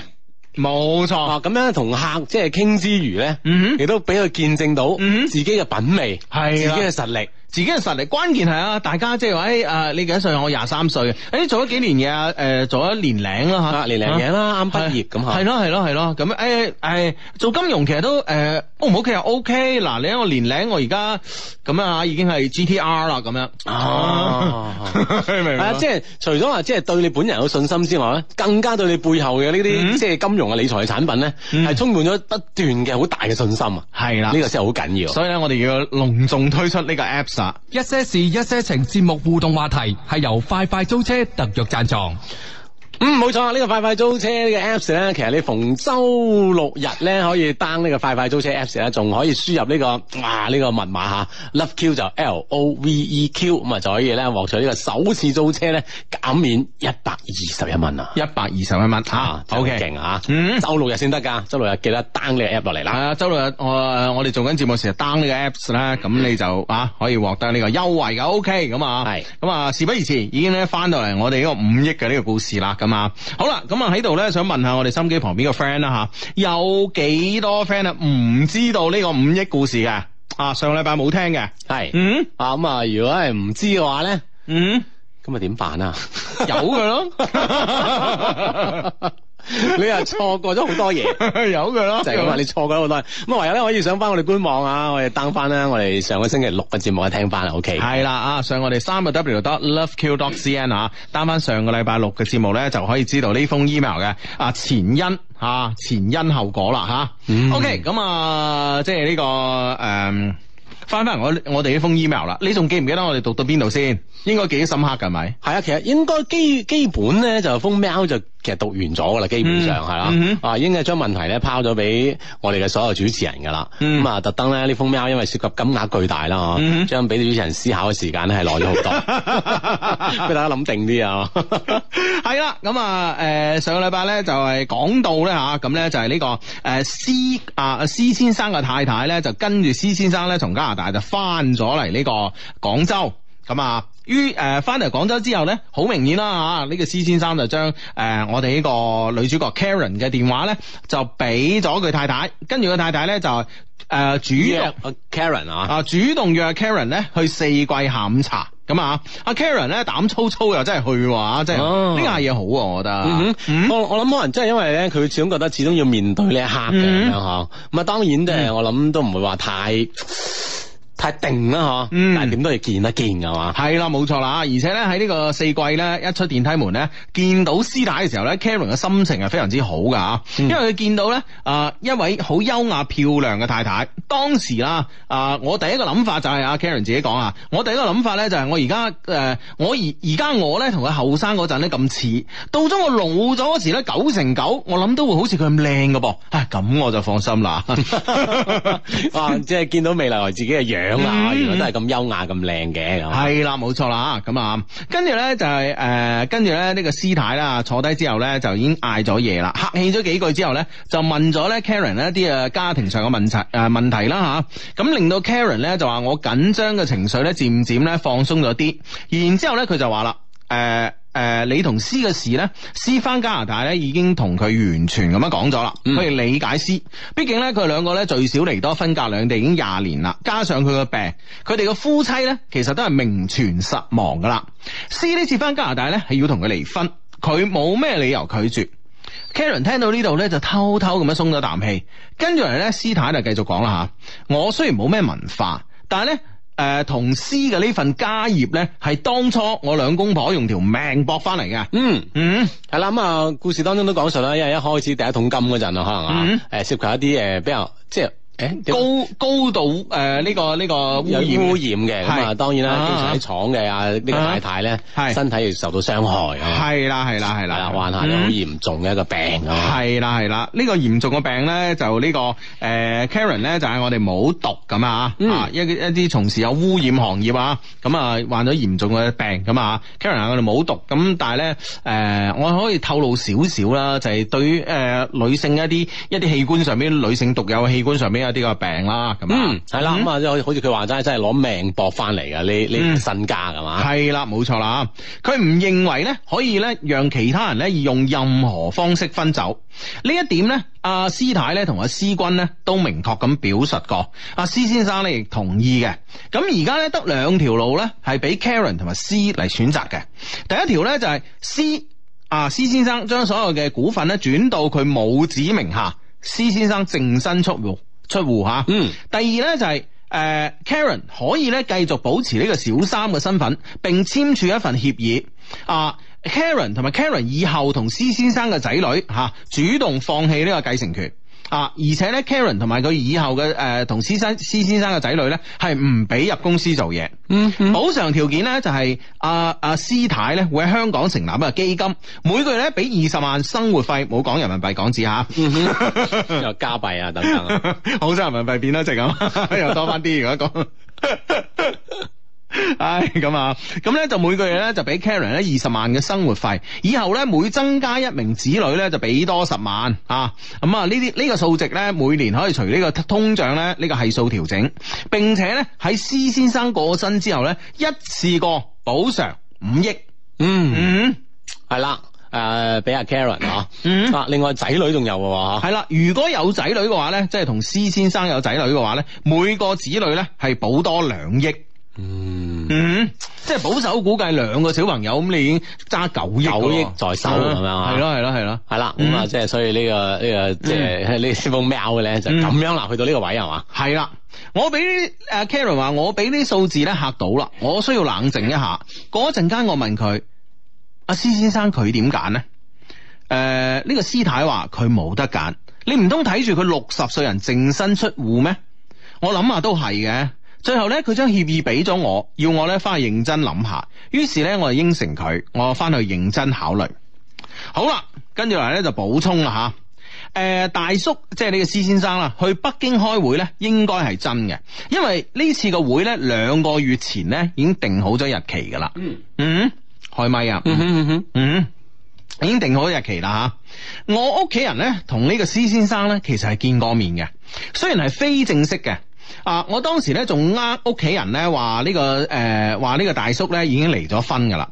冇錯，咁樣同客即係傾之餘咧，嗯、哼亦都俾佢見證到自己嘅品味，係、嗯、哼自己嘅實力。自己嘅實力，關鍵係啊！大家即係話誒，你幾歲？我廿三歲嘅。誒，做咗幾年嘢啊？誒，做咗年零啦吓，年零嘢啦，啱畢業咁吓。係咯，係咯，係咯，咁誒誒，做金融其實都誒 O 唔 O K 又 O K。嗱，你喺我年零，我而家咁啊，已經係 G T R 啦咁樣。明。係啊，即係除咗話即係對你本人有信心之外咧，更加對你背後嘅呢啲即係金融嘅理財產品咧，係充滿咗不斷嘅好大嘅信心啊！係啦，呢個先係好緊要。所以咧，我哋要隆重推出呢個 apps。一些事一些情，節目互動話題，係由快快租車特約贊助。嗯，冇錯啊！呢個快快租車呢個 apps 咧，其實你逢周六日咧可以 down 呢個快快租車 apps 咧，仲可以輸入呢個哇呢個密碼吓，love q 就 l o v e q，咁啊就可以咧獲取呢個首次租車咧減免一百二十一蚊啊！一百二十一蚊啊！O K，勁啊！嗯 okay.、啊，周六日先得噶，周六日記得 down 呢個 app 落嚟啦。啊，周六日我我哋做緊節目時 down 呢個 apps 啦，咁你就啊可以獲得呢個優惠噶。O K，咁啊係，咁啊是事不宜遲，已經咧翻到嚟我哋呢個五億嘅呢個故事啦。嘛、啊，好啦，咁啊喺度咧，想問下我哋收音機旁邊個 friend 啦吓，有幾多 friend 啊唔知道呢個五億故事嘅啊，上個禮拜冇聽嘅，係，嗯，啊咁、嗯、啊，如果係唔知嘅話咧，嗯，咁啊點辦啊？ *laughs* 有㗎咯。 *laughs* *laughs* *laughs* 你又錯過咗好多嘢， *laughs* 有嘅咯了，就係咁話，你錯過咗好多。咁唯有咧可以上翻，我哋官網啊，我哋登翻啦，我哋上個星期六嘅節目去聽翻啦，OK。係啦啊，上我哋 www.loveq.cn 啊，登翻上個禮拜六嘅節目咧，就可以知道呢封 email 嘅啊前因吓、啊、前因後果啦吓。啊 mm. OK，咁啊，即係呢、這個誒、嗯，翻翻我我哋呢封 email 啦，你仲記唔記得我哋讀到邊度先？應該幾深刻嘅咪？係啊，其實應該基基本咧就封 mail 就是。其實讀完咗噶啦，基本上係啦，啊、嗯，應該將問題咧拋咗俾我哋嘅所有主持人噶啦，咁啊、嗯，特登咧呢封喵，因為，因為涉及金額巨大啦，吓、嗯，將俾主持人思考嘅時間咧係耐咗好多，俾 *laughs* *laughs* 大家諗定啲啊，係 *laughs* 啦， *laughs* 咁啊，誒，上個禮拜咧就係講到咧吓，咁咧就係呢、這個誒，施啊施先生嘅太太咧就跟住施先生咧從加拿大就翻咗嚟呢個廣州，咁啊。於誒翻嚟廣州之後咧，好明顯啦、啊、嚇，呢、這個施先生就將誒、呃、我哋呢個女主角 Karen 嘅電話咧，就俾咗佢太太，跟住佢太太咧就誒、呃、主動約啊 Karen 啊，啊，主動約 Karen 咧去四季下午茶咁啊，阿、啊、Karen 咧膽粗粗又真係去喎嚇、啊，真係呢下嘢好喎、啊，我覺得、啊嗯我，我我諗可能真係因為咧，佢始終覺得始終要面對呢一刻嘅嚇，咁啊、嗯嗯、當然即係我諗都唔會話太。太定啦嚇，但係點都係見得見㗎嘛。係啦、嗯，冇錯啦，而且咧喺呢個四季咧一出電梯門咧，見到師奶嘅時候咧，Karen 嘅心情係非常之好㗎啊！嗯、因為佢見到咧啊一位好優雅漂亮嘅太太。當時啦啊，我第一個諗法就係、是、啊，Karen 自己講啊，我第一個諗法咧就係我而家誒，我而而家我咧同佢後生嗰陣咧咁似，到咗我老咗嗰時咧九成九，9 9，我諗都會好似佢咁靚㗎噃。啊咁我就放心啦，啊即係見到未來自己嘅樣。嗯、原來都係咁優雅咁靚嘅，係啦，冇錯啦，咁啊，跟住呢，就係、是、誒，跟住咧呢、這個師太啦，坐低之後呢，就已經嗌咗嘢啦，客氣咗幾句之後呢，就問咗呢 Karen 呢啲誒家庭上嘅問題誒問題啦吓，咁、呃啊、令到 Karen 呢，就話我緊張嘅情緒呢，漸漸呢，放鬆咗啲，然之後咧佢就話啦，誒。誒，你同斯嘅事呢，斯翻加拿大呢已經同佢完全咁樣講咗啦，佢哋、嗯、理解斯。畢竟呢，佢哋兩個呢最少離多分隔兩地已經廿年啦，加上佢個病，佢哋個夫妻呢其實都係名存實亡噶啦。斯呢次翻加拿大呢係要同佢離婚，佢冇咩理由拒絕。Karen 聽到呢度呢就偷偷咁樣鬆咗啖氣，跟住嚟呢，斯太就繼續講啦吓。我雖然冇咩文化，但係呢……」誒、呃，同師嘅呢份家業咧，係當初我兩公婆用條命搏翻嚟嘅。嗯嗯，係啦、嗯，咁啊、嗯，故事當中都講述啦，因為一開始第一桶金嗰陣啊，可能啊，誒、嗯，涉及一啲誒、呃，比較即係。高高度誒呢個呢個有污染嘅。咁啊當然啦，通常喺廠嘅啊呢個太太咧身體受到傷害，係啦係啦係啦，患下好嚴重嘅一個病啊，係啦係啦，呢個嚴重嘅病咧就呢個誒 Karen 咧就係我哋冇毒咁啊，啊一啲一啲從事有污染行業啊，咁啊患咗嚴重嘅病咁啊，Karen 我哋冇毒，咁但係咧誒我可以透露少少啦，就係對於誒女性一啲一啲器官上邊女性獨有嘅器官上邊一啲個病啦，咁啊，係啦，咁啊，即係好似佢話齋，真係攞命搏翻嚟嘅呢？呢身家係嘛，係啦，冇錯啦。佢唔認為咧可以咧讓其他人咧用任何方式分走呢一點咧。阿、啊、師太咧同阿師君咧都明確咁表述過。阿師先生咧亦同意嘅。咁而家咧得兩條路咧係俾 Karen 同埋 C 嚟選擇嘅。第一條咧就係 C，阿、啊、師先生將所有嘅股份咧轉到佢母子名下，師先生淨身出獄。出戶吓，嗯，第二咧就係、是、誒、呃、Karen 可以咧繼續保持呢個小三嘅身份，並簽署一份協議啊。Karen 同埋 Karen 以後同施先生嘅仔女吓主動放棄呢個繼承權。啊！而且咧，Karen 同埋佢以後嘅誒同施生施先生嘅仔女咧，係唔俾入公司做嘢。嗯。嗯，補償條件咧就係阿阿施太咧會喺香港成立一個基金，每個月咧俾二十萬生活費，冇講人民幣港紙吓。又加幣啊！等等，啊，好 *laughs* 想人民幣變得值啊！ *laughs* 又多翻啲如果講。 *laughs* *laughs* *laughs* 唉，咁啊，咁呢就每個月呢，就俾 Karen 呢二十萬嘅生活費，以後呢，每增加一名子女呢，就俾多十萬啊。咁啊，呢啲呢個數值呢，每年可以隨呢個通脹呢，呢、呢個係數調整，並且呢，喺施先生過身之後呢，一次過補償五億。嗯，嗯，係啦，誒，俾阿 Karen 啊。嗯。啊，另外仔女仲有嘅、啊，係啦、嗯。如果有仔女嘅話呢，即係同施先生有仔女嘅話呢，每個子女呢，係補多兩億。嗯，即係保守估計兩個小朋友咁，嗯，你已經揸九億九億在手咁樣啊？係咯係咯係咯，係啦咁啊！即係所以呢，呢個呢，呢個即係呢個喵嘅咧，就咁樣啦，去到呢個位係嘛？係啦，我俾誒，uh, Karen 話，我俾啲數字咧嚇到啦，我需要冷靜一下。過 *laughs* 一陣間，我問佢阿施先生，佢點揀呢？呃，誒，呢個施太話佢冇得揀，你唔通睇住佢六十歲人淨身出戶咩？我諗下都係嘅。最後咧，佢將協議俾咗我，要我咧翻去認真諗下。於是咧，我就應承佢，我翻去認真考慮。好啦，跟住嚟咧就補充啦吓。誒、呃，大叔，即係呢個施先生啦，去北京開會咧，應該係真嘅，因為呢次個會咧兩個月前咧已經定好咗日期噶啦。嗯嗯，開咪啊。嗯嗯嗯，已經定好日期啦吓。我屋企人咧同呢個施先生咧其實係見過面嘅，雖然係非正式嘅。啊！我當時咧仲、這個、呃，屋企人咧話呢個誒、話呢個大叔咧已經離咗婚噶啦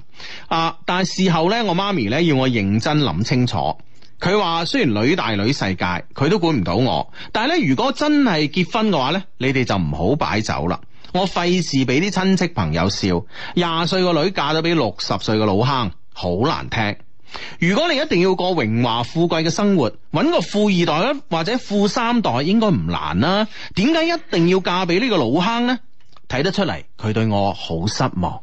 啊！但係事後咧我媽咪咧要我認真諗清楚，佢話雖然女大女世界，佢都管唔到我，但係咧如果真係結婚嘅話咧，你哋就唔好擺酒啦，我費事俾啲親戚朋友笑廿歲個女嫁咗俾六十歲嘅老坑，好難聽。如果你一定要過榮華富貴嘅生活，搵個富二代或者富三代應該唔難啦、啊。點解一定要嫁俾呢個老坑呢？睇得出嚟佢對我好失望。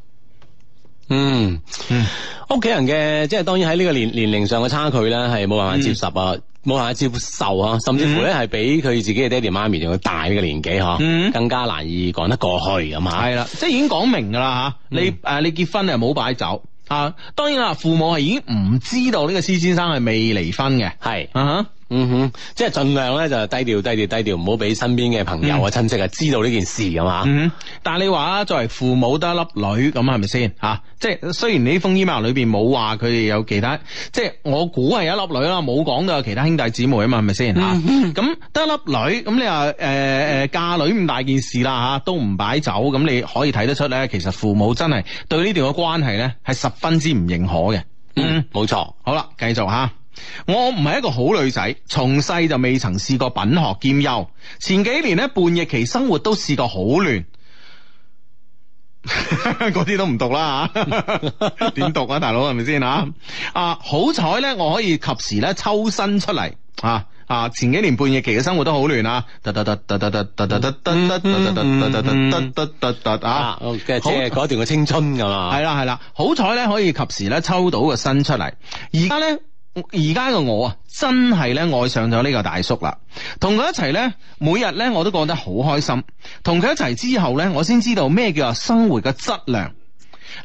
嗯嗯，屋企、嗯、人嘅即係當然喺呢個年年齡上嘅差距呢，係冇辦法接受啊，冇、嗯、辦法接受啊，甚至乎呢，係比佢自己嘅爹哋媽咪仲要大呢個年紀嗬，嗯、更加難以講得過去啊嘛。係啦、嗯，即係已經講明噶啦吓，嗯、你誒，你結婚又冇擺酒。啊，當然啦，父母係已經唔知道呢個施先生係未離婚嘅，係啊哈。Uh huh. 嗯哼，即係盡量咧就低調低調低調，唔好俾身邊嘅朋友啊親、嗯、戚啊知道呢件事㗎嘛、嗯？但係你話作為父母得一粒女咁係咪先吓？即係雖然呢封 email 裏邊冇話佢哋有其他，即係我估係一粒女啦，冇講到有其他兄弟姊妹啊嘛，係咪先吓？咁得一粒女，咁你話誒誒嫁女咁大件事啦吓，啊，都唔擺酒，咁你可以睇得出咧，其實父母真係對呢段嘅關係咧係十分之唔認可嘅。冇、嗯、錯。嗯、錯。好啦，繼續吓。啊我唔係一個好女仔，從細就未曾試過品學兼優。前幾年咧，半夜期生活都試過好亂，嗰 *laughs* 啲都唔讀啦。點 *laughs* 讀啊，大佬係咪先啊？啊，好彩咧，我可以及時咧抽身出嚟啊！啊，前幾年半夜期嘅生活都好亂啊，噠噠噠噠噠噠噠噠噠噠噠噠噠噠噠噠噠噠啊！即係嗰段嘅青春噶啦，係啦係啦，好彩咧可以及時咧抽到個身出嚟，而家咧。而家嘅我啊，真係咧愛上咗呢個大叔啦，同佢一齊咧，每日咧我都過得好開心。同佢一齊之後咧，我先知道咩叫做生活嘅質量。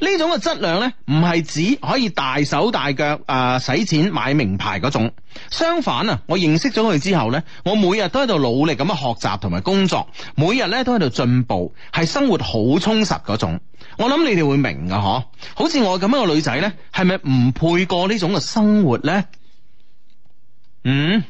呢種嘅質量咧，唔係指可以大手大腳啊使錢買名牌嗰種。相反啊，我認識咗佢之後咧，我每日都喺度努力咁樣學習同埋工作，每日咧都喺度進步，係生活好充實嗰種。我諗你哋會明噶，嗬，好似我咁樣嘅女仔呢，係咪唔配過呢種嘅生活呢？嗯。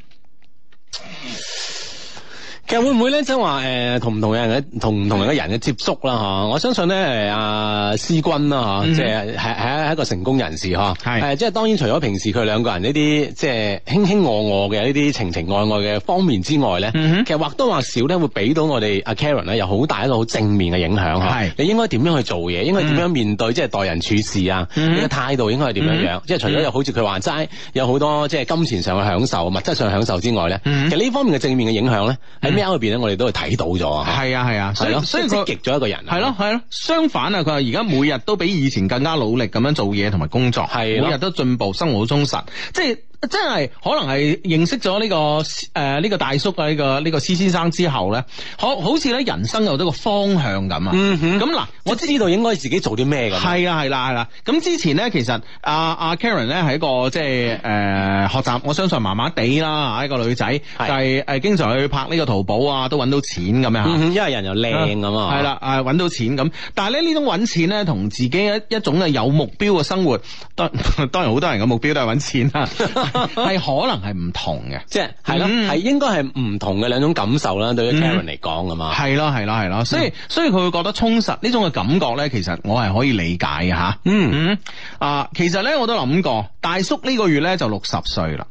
其實會唔會咧，即係話誒，呃、同唔同嘅人嘅同唔同嘅人嘅接觸啦，吓、啊，我相信咧，阿、啊、思君啦，吓、啊，mm hmm. 即係係係一個成功人士，吓、啊，係是，即係當然除咗平時佢兩個人呢啲即係卿卿我我嘅呢啲情情愛愛嘅方面之外咧，mm hmm. 其實或多或少咧會俾到我哋阿 Karen 咧有好大一個好正面嘅影響，吓是，你應該點樣去做嘢，應該點樣面對，mm hmm. 即係待人處事啊，mm hmm. 你嘅態度應該係點樣樣，mm hmm. 即係除咗有好似佢話齋有好多即係金錢上嘅享受、物質上嘅享受之外咧，mm hmm. 其實呢方面嘅正面嘅影響咧、mm hmm. B 邊咧，我哋都係睇到咗啊！係啊，係啊，所以所以激極咗一個人。係咯，係咯。相反啊，佢話而家每日都比以前更加努力咁樣做嘢同埋工作，係的每日都進步，生活好充實，即係。真係可能係認識咗呢、這個誒呢、呃這個大叔啊呢、這個呢、這個施先生之後咧，好好似咧人生有咗個方向咁啊！咁嗱、嗯哼，我知，知道應該自己做啲咩咁。係啊係啦係啦，咁之前咧其實阿阿、啊啊、Karen 咧係一個即係誒學習，我相信麻麻地啦一個女仔，就係誒的經常去拍呢個淘寶啊，都揾到錢咁樣，嗯，因為人又靚咁啊，係啦誒揾到錢咁。但係咧呢種揾錢咧，同自己一一種誒有目標嘅生活，當當然好多人嘅目標都係揾錢啦。 *laughs* 係 *laughs* 可能係唔同嘅，即係係咯，係的、嗯、應該係唔同嘅兩種感受啦，對於 Karen 嚟講啊嘛，係咯係咯係咯，所以所以佢會覺得充實呢種嘅感覺呢，其實我係可以理解嘅吓。嗯嗯啊，其實呢，我都諗過，大叔呢個月呢就六十歲啦，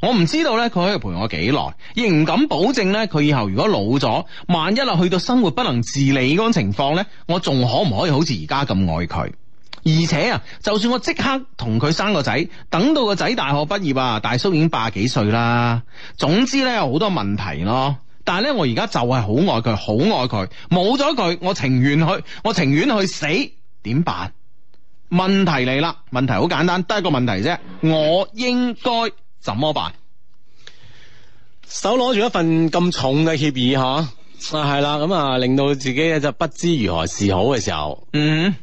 我唔知道呢，佢可以陪我幾耐，亦唔敢保證呢。佢以後如果老咗，萬一啊去到生活不能自理嗰種情況呢，我仲可唔可以好似而家咁愛佢？而且啊，就算我即刻同佢生個仔，等到個仔大學畢業，啊，大叔已經八十幾歲啦。總之咧，有好多問題咯。但係咧，我而家就係好愛佢，好愛佢，冇咗佢，我情願去，我情願去死，點辦？問題嚟啦，問題好簡單，得一個問題啫。我應該怎麼辦？手攞住一份咁重嘅協議，吓啊，係啦，咁啊，令到自己就不知如何是好嘅時候，嗯。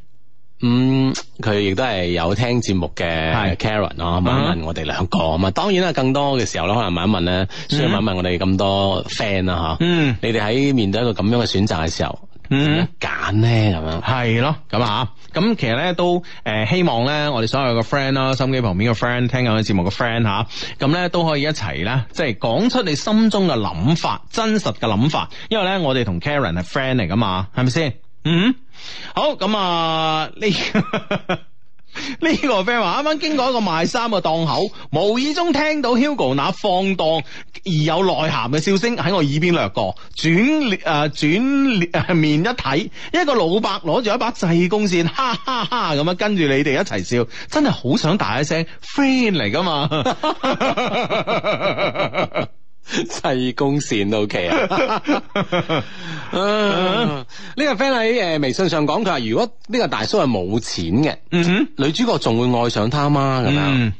咁佢亦都係有聽節目嘅 Karen 咯是，問一、啊、問我哋兩個啊嘛，當然啦，更多嘅時候咧，可能問一問咧，需要問問我哋咁多 friend 啊吓，嗯，啊、你哋喺面對一個咁樣嘅選擇嘅時候，嗯，揀咧咁樣，係咯，咁啊，咁其實咧都誒希望咧，我哋所有嘅 friend 啦，心機旁邊嘅 friend，聽緊節目嘅 friend 吓，咁咧都可以一齊咧，即係講出你心中嘅諗法，真實嘅諗法，因為咧我哋同 Karen 係 friend 嚟噶嘛，係咪先？嗯。好咁啊！呢呢 *laughs* *laughs* 個 friend 話啱啱經過一個賣衫嘅檔口，無意中聽到 Hugo 那放蕩而有內涵嘅笑聲喺我耳邊掠過，轉誒轉面一睇，一個老伯攞住一把濟公扇，哈哈哈咁樣跟住你哋一齊笑，真係好想大一聲 friend 嚟噶嘛！ *laughs* *laughs* *laughs* 細工線咯，OK 啊？呢、 *laughs* *laughs* uh, *laughs* 個 friend 喺誒微信上講，佢話如果呢個大叔係冇錢嘅，嗯、哼女主角仲會愛上他嗎？咁樣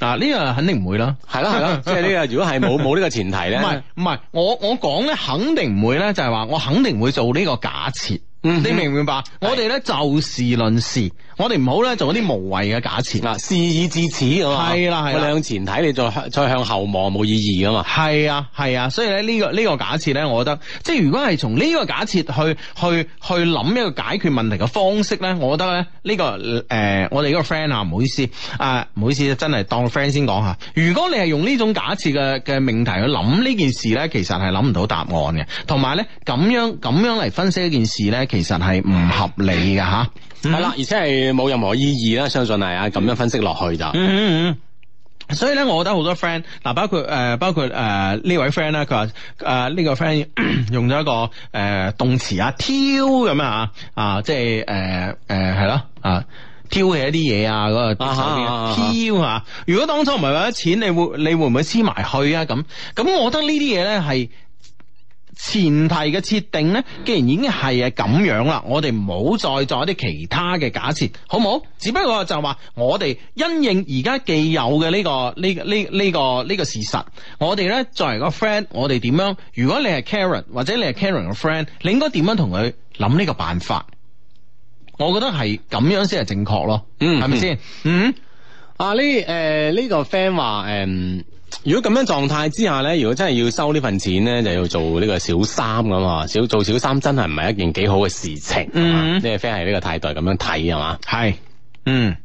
啊？呢個肯定唔會啦，係啦係啦，即係呢個如果係冇冇呢個前提咧，唔係唔係，我我講咧肯定唔會咧，就係、是、話我肯定唔會做呢個假設，嗯、哼你明唔明白？ *laughs* 是的我哋咧就事論事。我哋唔好咧做嗰啲無謂嘅假設。嗱，事已至此，係啦係啦，你向前睇，你再再向後望，冇意義噶嘛。係啊係啊，所以咧、呢、呢個呢、呢個假設咧，我覺得即係如果係從呢個假設去去去諗一個解決問題嘅方式咧，我覺得咧、呢、呢個誒、呃、我哋呢個 friend 啊，唔好意思啊，唔、呃、好意思，真係當 friend 先講下。如果你係用呢種假設嘅嘅命題去諗呢件事咧，其實係諗唔到答案嘅，同埋咧咁樣咁樣嚟分析一件事咧，其實係唔合理嘅嚇。係啦、嗯嗯，而且係。冇任何意義啦，相信係啊，咁樣分析落去就、嗯嗯嗯。所以咧，我覺得好多 friend，嗱，包括誒、呃，包括誒呢、呃、位 friend 啦，佢話誒呢個 friend 用咗一個誒、呃、動詞啊挑咁啊啊，即係誒誒係咯啊挑起一啲嘢，那個、啊嗰哈個挑啊，啊如果當初唔係為咗錢，你會你會唔會黐埋去啊？咁咁，我覺得呢啲嘢咧係。前提嘅設定呢，既然已經係咁樣啦，我哋唔好再做一啲其他嘅假設，好唔好？只不過就話我哋因應而家既有嘅呢個呢呢呢個呢個事實，我哋呢作為個 friend，我哋點樣？如果你係 Karen 或者你係 Karen 嘅 friend，你應該點樣同佢諗呢個辦法？我覺得係咁樣先係正確咯，嗯哼，係咪先？嗯，啊呢誒呢個 friend 話誒。呃如果咁樣狀態之下咧，如果真係要收呢份錢咧，就要做呢個小三咁啊！小做小三真係唔係一件幾好嘅事情。嗯，嗯，呢個 friend 係呢個態度咁樣睇係嘛？係，嗯，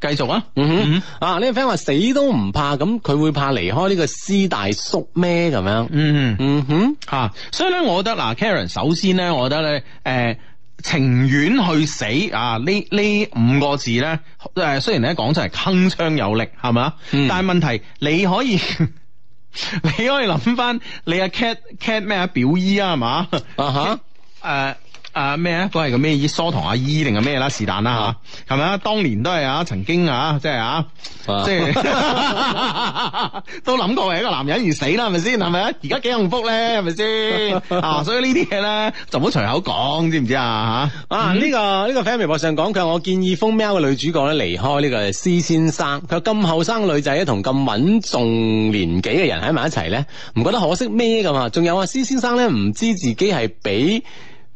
繼續啊，嗯哼，嗯啊呢、呢個 friend 話死都唔怕，咁佢會怕離開呢個師大叔咩？咁樣、嗯，嗯嗯哼，吓、啊，所以咧，我覺得嗱，Karen，首先咧，我覺得咧，誒、呃。情願去死啊！呢呢五個字咧，誒、呃，雖然你講出嚟鏗鏘有力，係咪、嗯、但係問題，你可以， *laughs* 你可以諗翻你阿 cat cat 咩啊表姨啊，係嘛？啊哈、uh，誒、huh. 呃。啊咩啊都係個咩姨梳同阿姨定係咩啦，是但啦吓，係咪啊？當年都係啊曾經啊即係啊即係都諗過為一個男人而死啦，係咪先，係咪啊？而家幾幸福咧，係咪先？啊所以呢啲嘢咧，就唔好隨口講，知唔知啊？吓、嗯、啊呢、這個呢、這個喺微博上講佢，我建議《封喵》嘅女主角咧離開呢個施先生，佢咁後生女仔同咁穩重年紀嘅人喺埋一齊咧，唔覺得可惜咩噶嘛。仲有啊施先生咧，唔知自己係俾。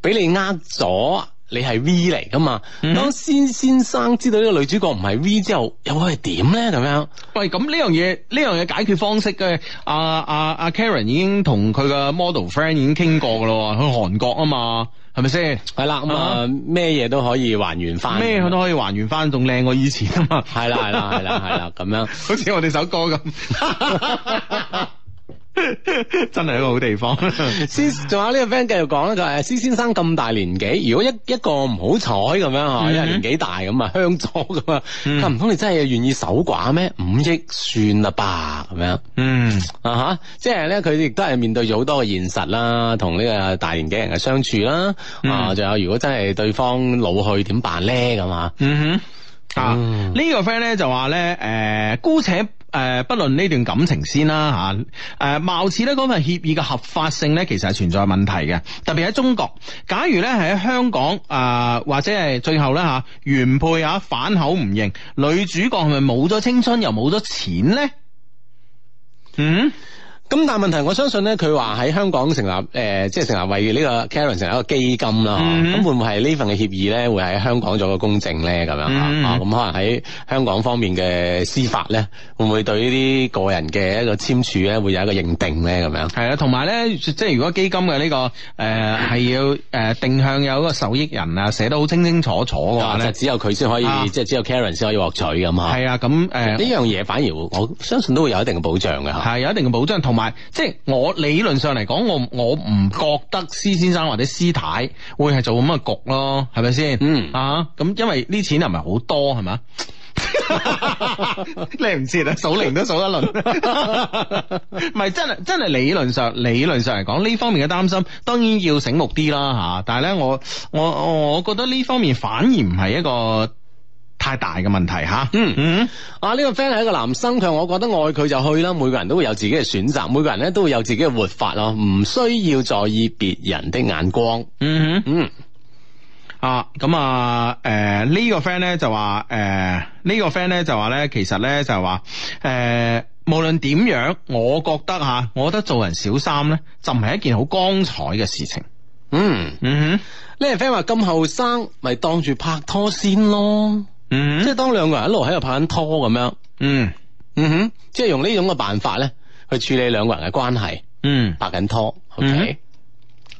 俾你呃咗，你係 V 嚟噶嘛？Mm hmm. 當先先生知道呢個女主角唔係 V 之後，又可以點咧？咁樣，喂，咁呢樣嘢，呢樣嘢解決方式嘅，阿阿阿 Karen 已經同佢嘅 model friend 已經傾過噶啦，去韓國啊嘛，係咪先？係啦，啊、呃，咩嘢都可以還原翻，咩都可以還原翻，仲靚過以前啊嘛，係啦係啦係啦係啦，咁樣， *laughs* 好似我哋首歌咁。 *laughs* *laughs* 真係一個好地方。斯 *laughs* 仲有呢個 friend 繼續講咧，就係施先生咁大年紀，如果一個一個唔好彩咁樣啊，因為年紀大咁啊，香咗噶嘛，咁唔通你真係願意守寡咩？五億算啦吧，咁樣。嗯 *laughs* 啊吓，即係咧，佢亦都係面對咗好多嘅現實啦，同呢個大年紀人嘅相處啦。啊，仲有如果真係對方老去點辦咧咁啊？嗯哼，啊呢個 friend 咧就話咧，誒、呃，姑且。誒、呃，不論呢段感情先啦吓，誒、啊，貌、啊、似呢份協議嘅合法性呢，其實係存在問題嘅，特別喺中國。假如呢係喺香港啊、呃，或者係最後呢，吓、啊，原配啊反口唔認，女主角係咪冇咗青春又冇咗錢呢？嗯？咁但係問題，我相信咧，佢話喺香港成立，誒、呃，即係成立為呢個 Karen 成立一個基金啦。咁、嗯嗯、會唔會係呢份嘅協議咧，會喺香港做個公證咧？咁樣咁可能喺香港方面嘅司法咧，會唔會對呢啲個人嘅一個簽署咧，會有一個認定咧？咁樣係啊。同埋咧，即係如果基金嘅呢、呢個誒係、呃、要誒定向有個受益人啊，寫得好清清楚楚嘅話咧，只有佢先可以，啊、即係只有 Karen 先可以獲取咁啊。係啊，咁誒呢樣嘢反而我相信都會有一定嘅保障嘅嚇。係有一定嘅保障同。埋即係我理論上嚟講，我我唔覺得施先生或者施太太會係做咁嘅局咯，係咪先？嗯啊咁，因為呢錢又唔係好多係咪？ *laughs* *laughs* 你唔知啦，數零都數得輪。唔 *laughs* 係真係真係理論上，理論上嚟講呢方面嘅擔心，當然要醒目啲啦吓。但係咧，我我我我覺得呢方面反而唔係一個。太大嘅問題吓，嗯嗯，嗯啊呢、呢個 friend 係一個男生，佢我覺得愛佢就去啦。每個人都會有自己嘅選擇，每個人咧都會有自己嘅活法咯，唔需要在意別人的眼光。嗯哼，嗯，啊咁、嗯、啊，誒、啊呃呢個、呢、呃呢個 friend 咧就話，誒呢個 friend 咧就話咧，其實咧就係話，誒、呃、無論點樣，我覺得吓、啊，我覺得做人小三咧就唔係一件好光彩嘅事情。嗯嗯，呢個 friend 話咁後生，咪當住拍拖先咯。嗯，即係當兩個人一路喺度拍緊拖咁樣，嗯嗯哼，即係用呢種嘅辦法咧去處理兩個人嘅關係，嗯，拍緊拖，OK。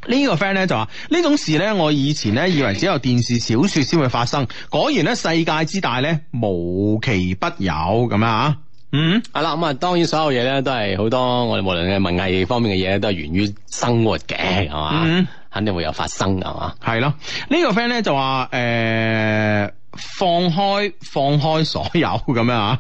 呢個 friend 咧就話呢種事咧，我以前咧以為只有電視小說先會發生，果然咧世界之大咧無奇不有咁樣啊，嗯，係啦，咁啊，當然所有嘢咧都係好多我哋無論嘅文藝方面嘅嘢都係源於生活嘅，係嘛，肯定會有發生嘅，係嘛，係咯，呢個 friend 咧就話誒。放開放開所有咁樣啊！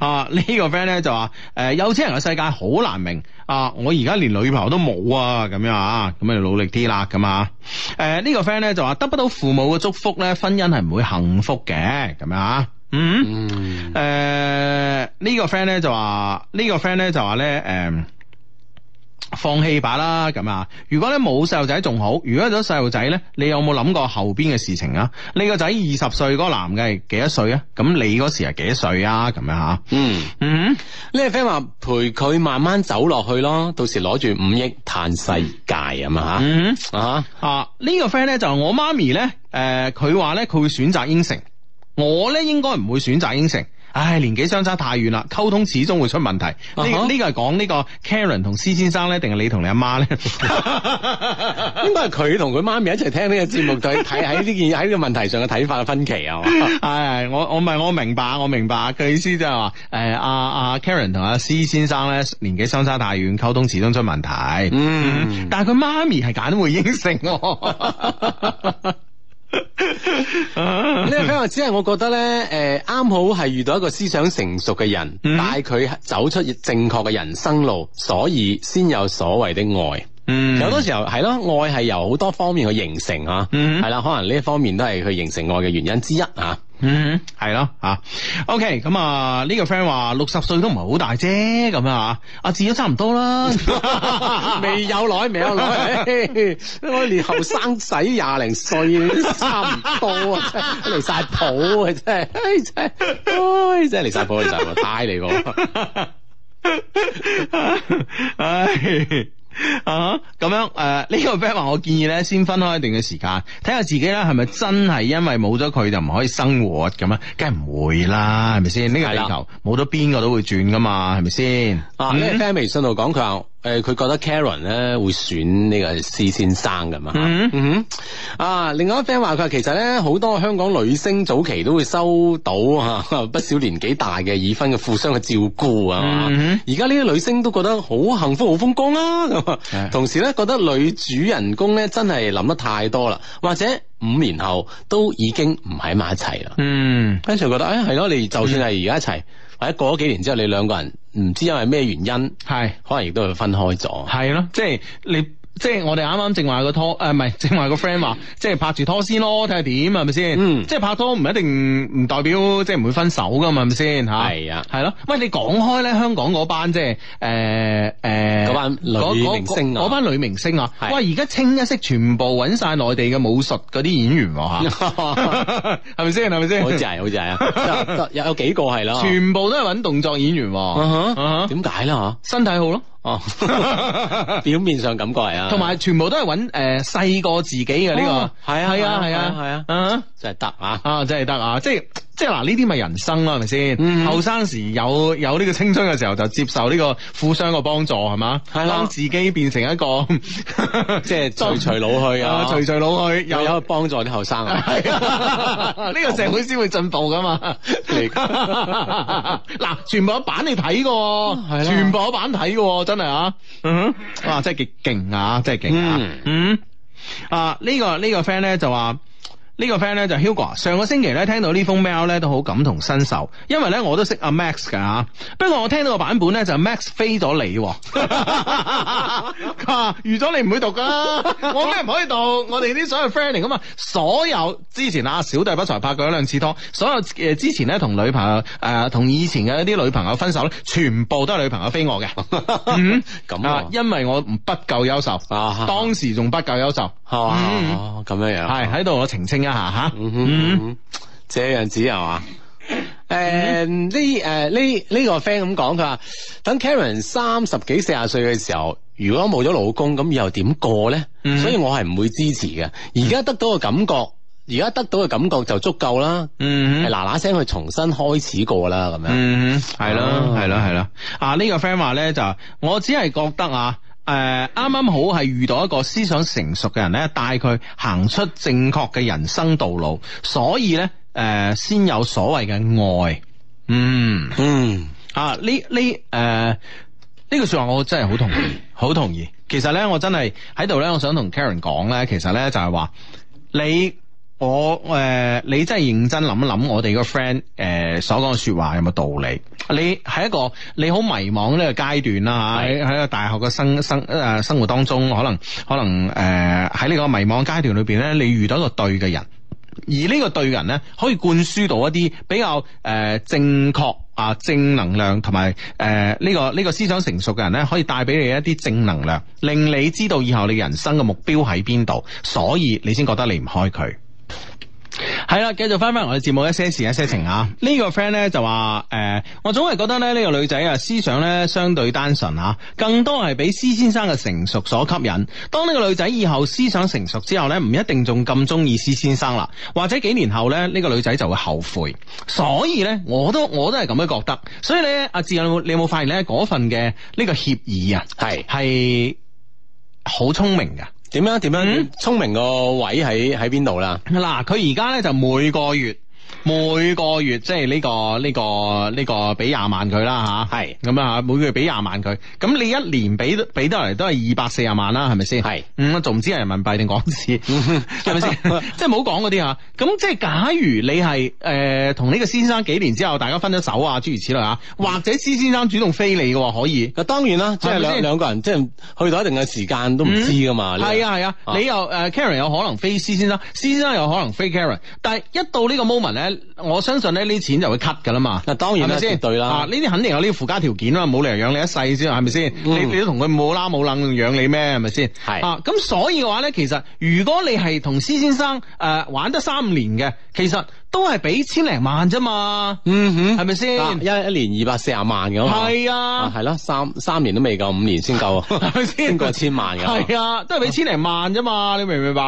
啊、這個、呢個 friend 咧就話誒，有、呃、錢人嘅世界好難明啊！我而家連女朋友都冇啊！咁樣啊，咁要努力啲啦咁啊！誒、啊啊這個、呢個 friend 咧就話得不到父母嘅祝福咧，婚姻係唔會幸福嘅咁樣啊！嗯，誒、嗯欸這個、呢、這個 friend 咧就話呢、這個 friend 咧就話咧誒。放棄吧啦，咁啊！如果咧冇細路仔仲好，如果有咗細路仔咧，你有冇諗過後邊嘅事情啊？你個仔二十歲嗰個男嘅係幾多歲啊？咁你嗰時係幾多歲啊？咁樣吓，嗯嗯，呢、嗯、個 friend 話陪佢慢慢走落去咯，到時攞住五億嘆世界啊、嗯、嘛吓，嗯啊啊，啊這個、呢個 friend 咧就我媽咪咧，誒佢話咧佢會選擇應承，我咧應該唔會選擇應承。唉，年紀相差太遠啦，溝通始終會出問題。呢呢、uh huh. 個係講呢個 Karen 同施先生咧，定係你同你阿媽咧？應該係佢同佢媽咪一齊聽呢個節目，睇睇喺呢件喺呢個問題上嘅睇法嘅分歧啊？係係， *laughs* 我我唔係我明白，我明白佢意思就係話，誒阿阿 Karen 同阿施先生咧年紀相差太遠，溝通始終出問題。嗯、mm，hmm. 但係佢媽咪係揀會應承我。 *laughs* 呢個只係我覺得呢，誒，啱好係遇到一個思想成熟嘅人，帶佢走出正確嘅人生路，所以先有所謂的愛。嗯，有好多時候係咯，愛係由好多方面去形成啊，係啦，可能呢一方面都係佢形成愛嘅原因之一啊。嗯，係咯，吓，OK，咁啊呢個 friend 話六十歲都唔係好大啫，咁樣啊，阿志都差唔多啦， *laughs* 未有耐，未有耐，我連後生仔廿零歲都差唔多啊，真係離晒譜啊，真係，唉，真係離晒譜，真係，太離個，唉。啊，咁、uh huh, 樣誒，呢、呃這個 friend 話我建議咧，先分開一段嘅時間，睇下自己咧係咪真係因為冇咗佢就唔可以生活咁啊？梗係唔會啦，係咪先？呢個地球冇咗邊個都會轉噶嘛，係咪先？啊，呢個 friend 微信度講佢。誒，佢、呃、覺得 Karen 咧會選呢個施先生咁嘛。嗯、mm hmm. 啊，另外一 friend 話佢其實咧好多香港女星早期都會收到吓、啊、不少年紀大嘅已婚嘅富商嘅照顧啊！而家呢啲女星都覺得好幸福、好風光啦咁啊！Mm hmm. 同時咧覺得女主人公咧真係諗得太多啦，或者五年後都已經唔喺埋一齊啦。嗯、mm，跟、hmm. 住覺得誒係咯，你就算係而家一齊。Mm hmm. 或者過咗幾年之後，你兩個人唔知因為咩原因，係是可能亦都會分開咗。係咯，即係你。即係我哋啱啱正話個拖誒，唔係正話個 friend 話，即係拍住拖先咯，睇下點，係咪先？嗯，即係拍拖唔一定唔代表即係唔會分手噶嘛，係咪先吓？係啊，係咯。喂，你講開咧，香港嗰班即係誒誒，嗰班女明星啊，嗰班女明星啊，喂，而家清一色全部揾晒內地嘅武術嗰啲演員吓，係咪先？係咪先？好似係，好似係啊，有有幾個係咯，全部都係揾動作演員，嗯哼，點解咧吓？身體好咯。哦， *laughs* 表面上感覺係啊，同埋全部都係搵誒細個自己嘅呢、哦這個係啊係啊係啊係啊，啊真係得啊真啊，啊真係得啊，啊，即係。即係嗱，呢啲咪人生啦，係咪先？後生、嗯、時有有呢個青春嘅時候，就接受呢個富商嘅幫助，係嘛？係啦、啊，自己變成一個 *laughs* 即係垂垂老去啊，垂垂老去，又有幫助啲後生啊，呢 *laughs* 個社會先會進步噶嘛？嗱， *laughs* 全部有版你睇嘅，啊啊、全部有版睇嘅，真係啊！嗯、哼哇，真係極勁啊，真係勁啊！嗯，嗯啊，呢、這個呢、這個 friend 咧就話。呢個 friend 咧就係 Hugo，上個星期咧聽到呢封 mail 咧都好感同身受，因為咧我都識阿 Max 噶，嚇。不過我聽到個版本咧就 Max 飛咗你喎。預咗你唔會讀㗎，我咩唔可以讀，我哋啲所有 friend 嚟㗎嘛，所有之前阿小弟不才拍過一兩次拖，所有誒之前咧同女朋友誒同、呃、以前嘅一啲女朋友分手咧，全部都係女朋友飛我嘅。咁、 *laughs* 嗯、啊，啊，因為我唔不夠優秀，啊當時仲不夠優秀。哦，咁樣樣、啊，係喺度我澄清一。啊吓，嗯嗯嗯，這，個、這樣子係嘛？誒，呢誒呢呢個 friend 咁講，佢話等 Karen 三十幾四十歲嘅時候，如果冇咗老公，咁以後又點過咧？嗯、所以我係唔會支持嘅。而家得到嘅感覺，而家、嗯、得到嘅感覺就足夠啦。嗯嗱嗱聲去重新開始過啦，咁樣。嗯哼，係咯係咯係咯。啊，呢、這個 friend 話咧就，我只係覺得啊。誒，啱啱、呃、好係遇到一個思想成熟嘅人咧，帶佢行出正確嘅人生道路，所以咧，誒、呃，先有所謂嘅愛。嗯嗯，啊，呢呢，誒，呢、呃、句說話我真係好同意，好 *coughs* 同意。其實咧，我真係喺度咧，我想同 Karen 講咧，其實咧就係、是、話你。我誒、呃，你真係認真諗一諗，我哋個 friend 誒所講嘅說話有冇道理？你喺一個你好迷茫呢個階段啦，喺喺的個大學嘅生生誒、呃、生活當中，可能可能誒喺呢個迷茫階段裏邊咧，你遇到一個對嘅人，而呢個對人呢，可以灌輸到一啲比較誒、呃、正確啊、呃、正能量，同埋誒呢個呢、呢個思想成熟嘅人呢，可以帶俾你一啲正能量，令你知道以後你人生嘅目標喺邊度，所以你先覺得離唔開佢。係啦，繼續翻翻我哋節目一些事一些情啊！這個、呢個 friend 呢就話誒、呃，我總係覺得咧呢、這個女仔啊，思想呢相對單純吓、啊，更多係俾施先生嘅成熟所吸引。當呢個女仔以後思想成熟之後呢，唔一定仲咁中意施先生啦，或者幾年後呢、呢、這個女仔就會後悔。所以呢，我都我都係咁樣覺得。所以呢，阿、啊、志有，有你有冇發現呢嗰份嘅呢個協議啊？係係好聰明㗎。點樣點樣、嗯、聰明個位喺喺邊度啦？嗱，佢而家咧就每個月。每個月即係呢個呢個呢個俾廿萬佢啦吓，係咁啊每個月俾廿萬佢，咁你一年俾得俾得嚟都係二百四十萬啦，係咪先？係，咁啊仲唔知係人民幣定港紙，係咪先？即係唔好講嗰啲吓，咁即係假如你係誒同呢個施先生幾年之後大家分咗手啊，諸如此類吓，或者施先生主動飛你嘅可以，當然啦，即係兩兩個人即係去到一定嘅時間都唔知噶嘛。係啊係啊，你又誒 Karen 有可能飛施先生，施先生有可能飛 Karen，但係一到呢個 moment 咧。我相信咧，呢啲錢就會 cut 噶啦嘛。嗱，當然係咪先？對啦，呢啲肯定有呢附加條件啦，冇理由養你一世先，係咪先？你你都同佢冇啦冇楞養你咩？係咪先？係啊。咁所以嘅話咧，其實如果你係同施先生誒玩得三年嘅，其實都係俾千零萬啫嘛。嗯哼，係咪先？一一年二百四十萬咁。係啊。係咯，三三年都未夠，五年先夠，啊。先？先過千萬嘅。係啊，都係俾千零萬啫嘛，你明唔明白？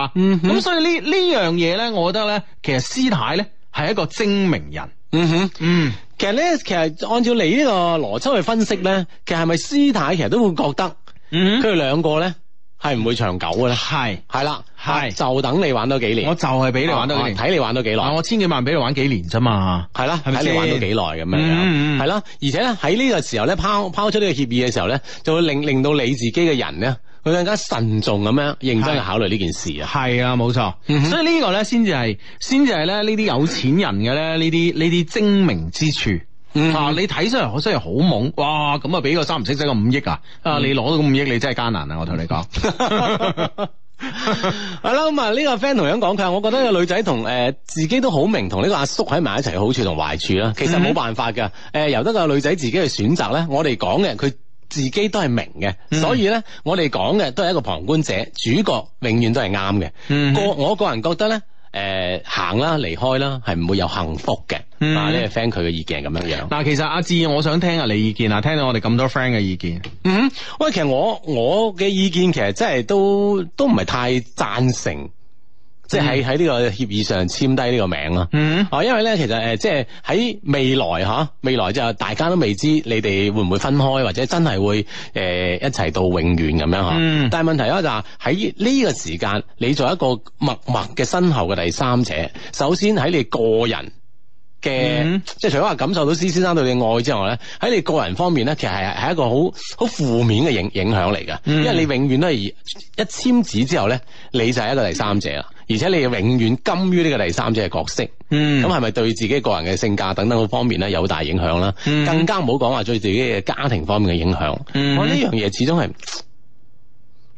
咁所以呢呢樣嘢咧，我覺得咧，其實施太咧。係一個精明人，嗯哼、mm，嗯、hmm. mm，hmm. 其實咧，其實按照你呢個邏輯去分析咧，其實係咪師太其實都會覺得、mm，嗯、hmm.，佢哋兩個咧係唔會長久嘅，咧，係，係啦，係，就等你玩多幾年，我就係俾你玩多幾年，睇你玩多幾耐、啊，我千幾萬俾你玩幾年啫嘛，係啦，睇你玩多幾耐咁樣，係啦，而且咧喺呢個時候咧拋拋出呢個協議嘅時候咧，就會令令到你自己嘅人咧。會更加慎重咁樣認真去考慮呢件事啊，係啊，冇錯。所以呢個咧，先至係，先至係咧，呢啲有錢人嘅咧，呢啲呢啲精明之處、嗯 uh, 啊！嗯、你睇出嚟，我真係好懵哇！咁啊，俾個三唔識使個五億啊！啊，你攞到五億，你真係艱難啊！我同你講，係啦。咁啊，呢個 friend 同樣講佢，我覺得個女仔同誒、呃、自己都好明，同呢個阿叔喺埋一齊嘅好處同壞處啦。其實冇辦法噶，誒、嗯呃，由得個女仔自己去選擇咧。我哋講嘅佢。自己都係明嘅，所以呢，我哋講嘅都係一個旁觀者，主角永遠都係啱嘅。個我個人覺得呢，誒、呃，行啦，離開啦，係唔會有幸福嘅。嗱、嗯，呢、啊這個 friend 佢嘅意見係咁樣樣。嗱，其實阿志，我想聽下你意見啊，聽到我哋咁多 friend 嘅意見。嗯，喂，其實我我嘅意見其實真係都都唔係太贊成。即係喺呢個協議上簽低呢個名啊。哦、嗯，因為咧，其實誒即係喺未來吓未來就大家都未知你哋會唔會分開或者真係會誒一齊到永遠咁樣嚇。嗯、但係問題咧就係喺呢個時間你作為一個默默嘅身後嘅第三者，首先喺你個人嘅、嗯、即係除咗話感受到施先生對你愛之外咧，喺你個人方面咧，其實係係一個好好負面嘅影影響嚟嘅，嗯、因為你永遠都係一簽字之後咧，你就係一個第三者啦。而且你永遠甘於呢個第三者嘅角色，咁係咪對自己個人嘅性格等等嗰方面咧有大影響啦？嗯、更加唔好講話對自己嘅家庭方面嘅影響，我呢樣嘢始終係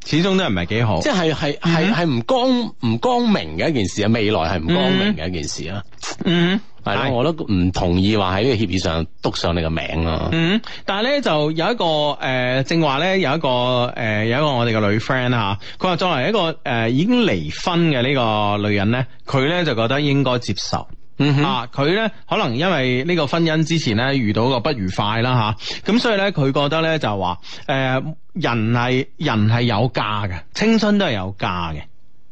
始終都係唔係幾好，即係係係係唔光唔光明嘅一件事啊！未來係唔光明嘅一件事啊！嗯嗯嗯。係啦，我都唔同意話喺呢個協議上督上你個名啊。嗯，但係咧就有一個誒、呃，正話咧有一個誒、呃，有一個我哋嘅女 friend 吓，佢、啊、話作為一個誒、呃、已經離婚嘅呢個女人咧，佢咧就覺得應該接受。嗯哼，啊，佢咧可能因為呢個婚姻之前咧遇到個不愉快啦吓，咁、啊、所以咧佢覺得咧就話誒、呃，人係人係有價嘅，青春都係有價嘅。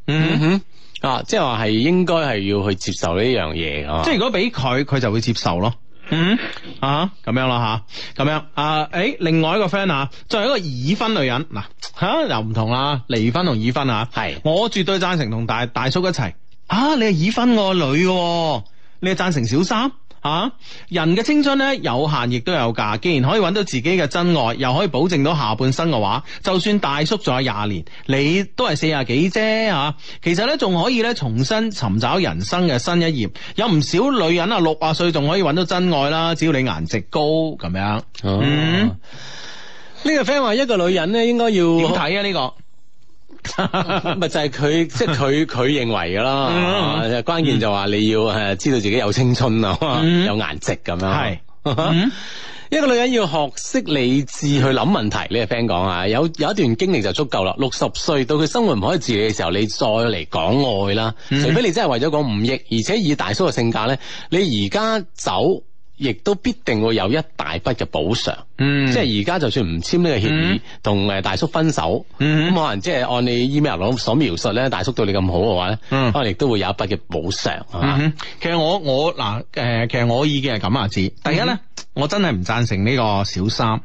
嗯哼。嗯哼啊，即係話係應該係要去接受呢樣嘢，即係如果俾佢，佢就會接受咯。嗯、mm hmm. 啊，啊，咁樣啦吓，咁樣。啊，誒，另外一個 friend 啊，作為一個已婚女人，嗱、啊，吓、啊、又唔同啦，離婚同已婚啊，係是，我絕對讚成同大大叔一齊。啊，你係已婚嘅女、啊，你係讚成小三？啊！人嘅青春咧有限，亦都有價。既然可以揾到自己嘅真愛，又可以保證到下半生嘅話，就算大叔仲有廿年，你都係四十幾啫。吓、啊，其實咧仲可以咧重新尋找人生嘅新一頁。有唔少女人啊，六十歲仲可以揾到真愛啦。只要你顏值高，咁樣。啊、嗯、呢、啊、個 friend 話一個女人咧應該要點睇啊？呢、這個。咪 *laughs* 就係佢，即係佢佢認為噶啦，關鍵就話你要誒知道自己有青春啊，有顏值咁樣。係一個女人要學識理智去諗問題。呢、這個 friend 講啊，有有一段經歷就足夠啦。六十歲到佢生活唔可以自理嘅時候，你再嚟講愛啦。除非你真係為咗講五億，而且以大叔嘅性格呢，你而家走。亦都必定會有一大筆嘅補償，即係而家就算唔簽呢個協議，同誒大叔分手，咁可能即係按你 email 所描述呢，大叔對你咁好嘅話，可能亦都會有一筆嘅補償。其實我我嗱誒，其實我意見係咁啊，子第一呢，我真係唔贊成呢個小三，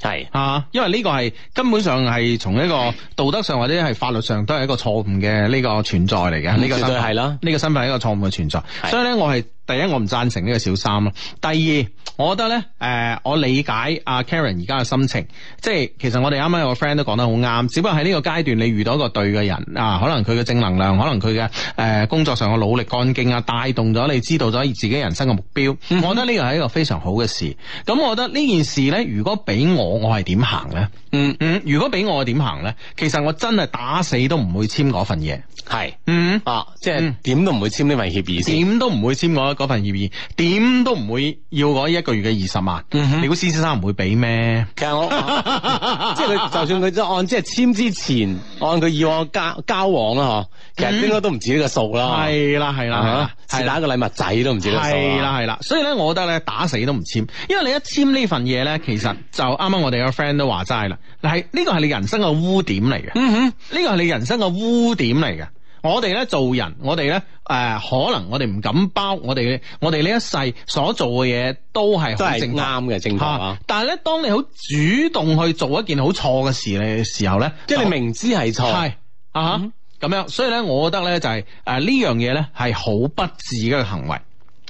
係啊，因為呢個係根本上係從一個道德上或者係法律上都係一個錯誤嘅呢個存在嚟嘅，呢個係啦，呢個身份係一個錯誤嘅存在，所以呢，我係。第一，我唔贊成呢個小三啦。第二，我覺得呢，誒、呃，我理解阿 Karen 而家嘅心情，即係其實我哋啱啱有個 friend 都講得好啱。只不過喺呢個階段，你遇到一個對嘅人啊，可能佢嘅正能量，可能佢嘅誒工作上嘅努力幹勁啊，帶動咗你知道咗自己人生嘅目標。嗯、哼我覺得呢個係一個非常好嘅事。咁我覺得呢件事呢，如果俾我，我係點行呢？嗯嗯，如果俾我點行呢？其實我真係打死都唔會簽嗰份嘢。係，嗯啊，嗯即係點都唔會簽呢份協議。點都唔會簽我。嗰份協議點都唔會要嗰一個月嘅二十萬，嗯、哼你估司先生唔會俾咩？其實我 *laughs* 即係佢，就算佢即係按即係簽之前， *laughs* 按佢以往交交往啦嗬，其實應該都唔止呢個數啦。係啦係啦，是但一個禮物仔都唔止呢個數。係啦係啦，所以咧，我覺得咧打死都唔簽，因為你一簽呢份嘢咧，其實就啱啱我哋個 friend 都話齋啦，係呢個係你人生嘅污點嚟嘅。嗯、哼，呢個係你人生嘅污點嚟嘅。我哋咧做人，我哋咧誒，可能我哋唔敢包我，我哋我哋呢一世所做嘅嘢都係都係正啱嘅正道，但係咧，當你好主動去做一件好錯嘅事嘅時候咧，即係、嗯、就你明知係錯係啊咁、嗯、樣，所以咧，我覺得咧就係誒呢樣嘢咧係好不智嘅行為，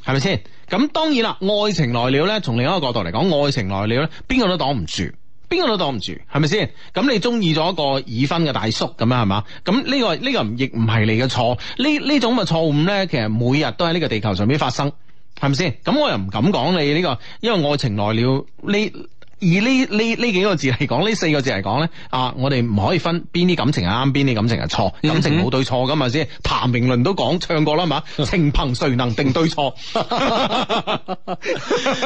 係咪先？咁、嗯、當然啦，愛情來了咧，從另一個角度嚟講，愛情來了咧，邊個都擋唔住。邊個都擋唔住，係咪先？咁你中意咗一個已婚嘅大叔咁樣，係嘛？咁呢個呢個亦唔係你嘅錯。呢呢種嘅錯誤呢，其實每日都喺呢個地球上面發生，係咪先？咁我又唔敢講你呢個，因為愛情來了呢。以呢呢呢幾個字嚟講，呢四個字嚟講咧，啊，我哋唔可以分邊啲感情係啱，邊啲感情係錯，感情冇對錯㗎嘛先。譚詠麟都講唱過啦嘛，情憑誰能定對錯？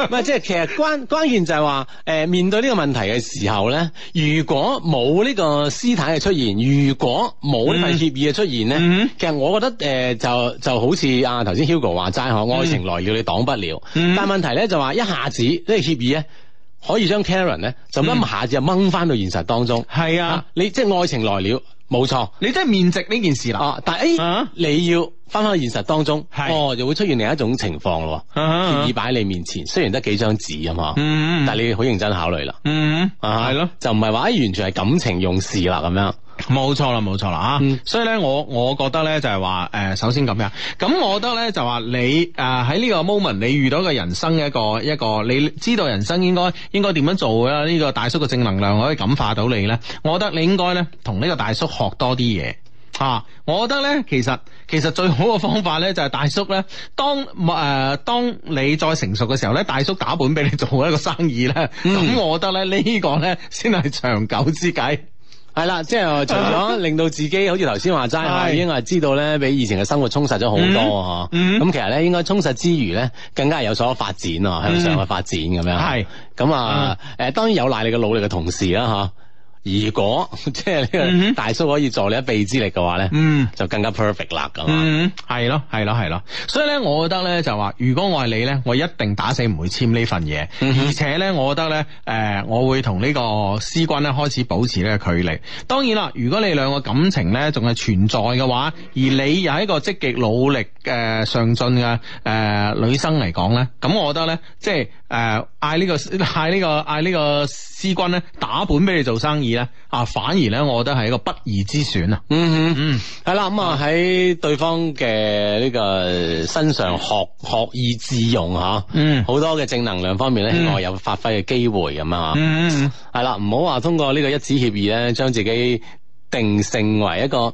係即係其實關關鍵就係話，誒，面對呢個問題嘅時候咧，如果冇呢個斯坦嘅出現，如果冇呢份協議嘅出現咧， *laughs* 其實我覺得誒就就好似啊頭先 Hugo 話齋嗬，愛情來了你擋不了， *laughs* *laughs* 但係問題咧就話一下子，這個、協呢個協議咧。可以將 Karen 咧，就一下子就掹翻到現實當中。係啊，你即係愛情來了，冇錯。你都係面值呢件事啦。哦，但係依家你要翻翻現實當中，哦，又會出現另一種情況咯。建議擺喺你面前，雖然得幾張紙啊嘛，但係你好認真考慮啦。嗯，啊，係咯，就唔係話完全係感情用事啦咁樣。冇錯啦，冇錯啦吓、啊，所以咧，我我覺得咧就係話，誒，首先咁樣，咁我覺得咧就話你誒喺呢個 moment 你遇到嘅人生一個一個，你知道人生應該應該點樣做啦？呢個大叔嘅正能量可以感化到你咧，我覺得你應該咧同呢個大叔學多啲嘢吓，我覺得咧其實其實最好嘅方法咧就係大叔咧當誒當你再成熟嘅時候咧，大叔打本俾你做一個生意咧，咁、嗯、我覺得咧呢個咧先係長久之計。係啦，即係除咗 *laughs* 令到自己好似頭先話齋，已經係知道咧，比以前嘅生活充實咗好多嗬。咁、mm hmm. 啊、其實咧，應該充實之餘咧，更加有所發展、mm hmm. 啊，向上嘅發展咁樣。係，咁啊，誒、嗯，當然有賴你嘅努力嘅同時啦，吓、啊。如果即係呢個大叔可以助你一臂之力嘅話呢，嗯，mm hmm. 就更加 perfect 啦，咁啊、mm，係、hmm. 咯，係咯，係咯，所以呢，我覺得呢就話，如果我係你呢，我一定打死唔會簽呢份嘢，mm hmm. 而且呢，我覺得呢，誒、呃，我會同呢個師君呢開始保持呢個距離。當然啦，如果你兩個感情呢仲係存在嘅話，而你又係一個積極努力嘅、呃、上進嘅誒女生嚟講呢，咁我覺得呢，即係。誒，嗌、uh, 這個這個這個、呢個嗌呢個嗌呢個師君咧打本俾你做生意咧，啊反而咧，我覺得係一個不二之選啊！ *noise* 嗯嗯嗯，係啦，咁啊喺對方嘅呢個身上學學以致用吓，嗯，好、嗯、多嘅正能量方面咧，我有發揮嘅機會咁啊，嗯嗯，係、嗯、啦，唔好話通過呢個一紙協議咧，將自己定性為一個。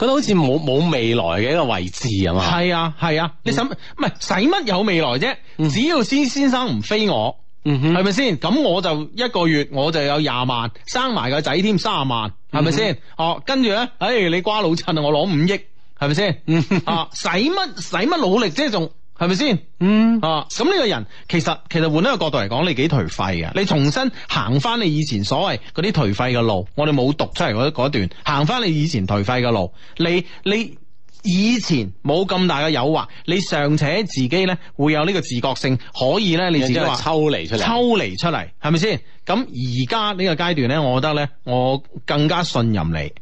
佢都好似冇冇未來嘅一個位置啊嘛。係啊係啊，你使唔係使乜有未來啫？嗯、只要先先生唔飛我，嗯哼，係咪先？咁我就一個月我就有廿萬，生埋個仔添卅萬，係咪先？哦、嗯哼啊，跟住咧，誒、哎、你瓜老襯啊，我攞五億，係咪先？嗯啊，使乜使乜努力啫？仲？係咪先？是是嗯，啊，咁呢個人其實其實換一個角度嚟講，你幾頹廢嘅。你重新行翻你以前所謂嗰啲頹廢嘅路，我哋冇讀出嚟嗰段，行翻你以前頹廢嘅路，你你以前冇咁大嘅誘惑，你尚且自己呢會有呢個自覺性，可以呢你自己話抽離出嚟，抽離出嚟，係咪先？咁而家呢個階段呢，我覺得呢，我更加信任你。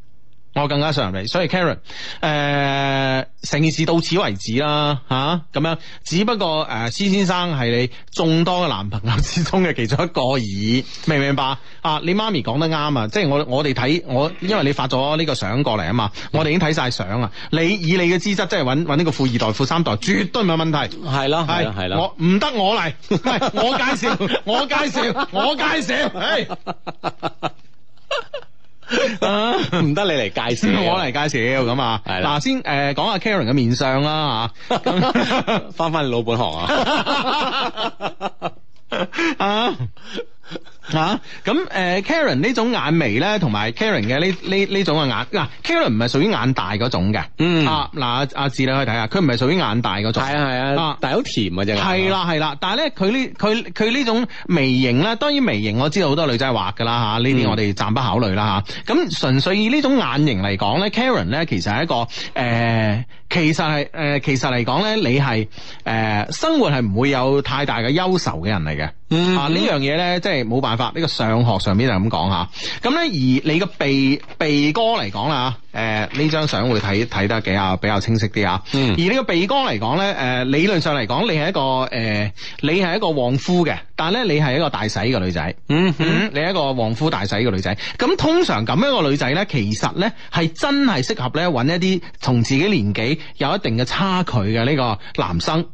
我更加信任你，所以 Karen，誒、呃，成件事到此為止啦，吓、啊、咁樣。只不過誒，施、呃、先生係你眾多嘅男朋友之中嘅其中一個而已，明唔明白啊？你媽咪講得啱啊，即係我我哋睇我，因為你發咗呢個相過嚟啊嘛，我哋已經睇晒相啊。你以你嘅資質，即係搵搵呢個富二代、富三代，絕對冇係問題。係咯，係係咯。我唔得我嚟，我介紹， *laughs* 我介紹， *laughs* 我介紹。 *laughs* 啊，唔得你嚟介紹，我嚟介紹咁啊！係！嗱，先誒講下 Karen 嘅面相啦嚇，翻翻老本行啊！啊！啊，咁誒、呃、Karen 呢種眼眉咧，同埋 Karen 嘅呢呢呢種嘅眼，嗱，Karen 唔係屬於眼大嗰種嘅，嗯，啊，嗱，阿阿志你，可以睇下，佢唔係屬於眼大嗰種、嗯啊啊、種，啊係、嗯、啊，但係好甜嘅啫，係啦係啦，但係咧，佢呢佢佢呢種眉形咧，當然眉形我知道好多女仔畫噶啦嚇，呢啲我哋暫不考慮啦嚇，咁、啊嗯、純粹以呢種眼型嚟講咧，Karen 咧其實係一個誒。呃其實係誒，其實嚟講咧，你係誒生活係唔會有太大嘅憂愁嘅人嚟嘅。嗯、哼啊呢樣嘢咧，即係冇辦法。呢、這個上學上邊就咁講吓。咁咧，而你個鼻鼻哥嚟講啦誒呢張相會睇睇得幾啊比較清晰啲啊。嗯。而你個鼻哥嚟講咧，誒理論上嚟講，你係一個誒、呃、你係一個旺夫嘅，但係咧你係一個大洗嘅女仔。嗯哼。你係一個旺夫大洗嘅女仔，咁、嗯、通常咁樣個女仔咧，其實咧係真係適合咧揾一啲同自己年紀。有一定嘅差距嘅呢個男生。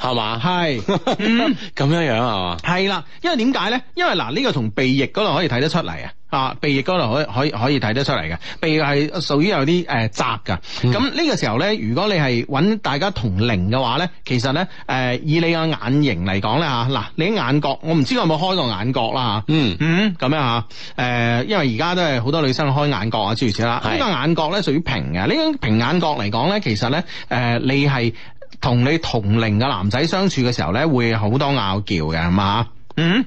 係嘛，係咁 *laughs* 樣樣啊嘛，係啦，因為點解咧？因為嗱，呢個從鼻翼嗰度可以睇得出嚟啊，啊，鼻翼嗰度可可以可以睇得出嚟嘅，鼻翼係屬於有啲誒窄噶。咁、呃、呢、嗯、個時候咧，如果你係搵大家同齡嘅話咧，其實咧，誒、呃，以你個眼型嚟講咧吓，嗱、啊，你嘅眼角，我唔知你有冇開過眼角啦吓，嗯、啊、嗯，咁樣吓、啊，誒、呃，因為而家都係好多女生開眼角啊，諸如此類啦，呢是個眼角咧屬於平嘅，呢種平眼角嚟講咧，其實咧，誒、呃，你係。同你同齡嘅男仔相處嘅時候咧，會好多拗撬嘅，係嘛？嗯。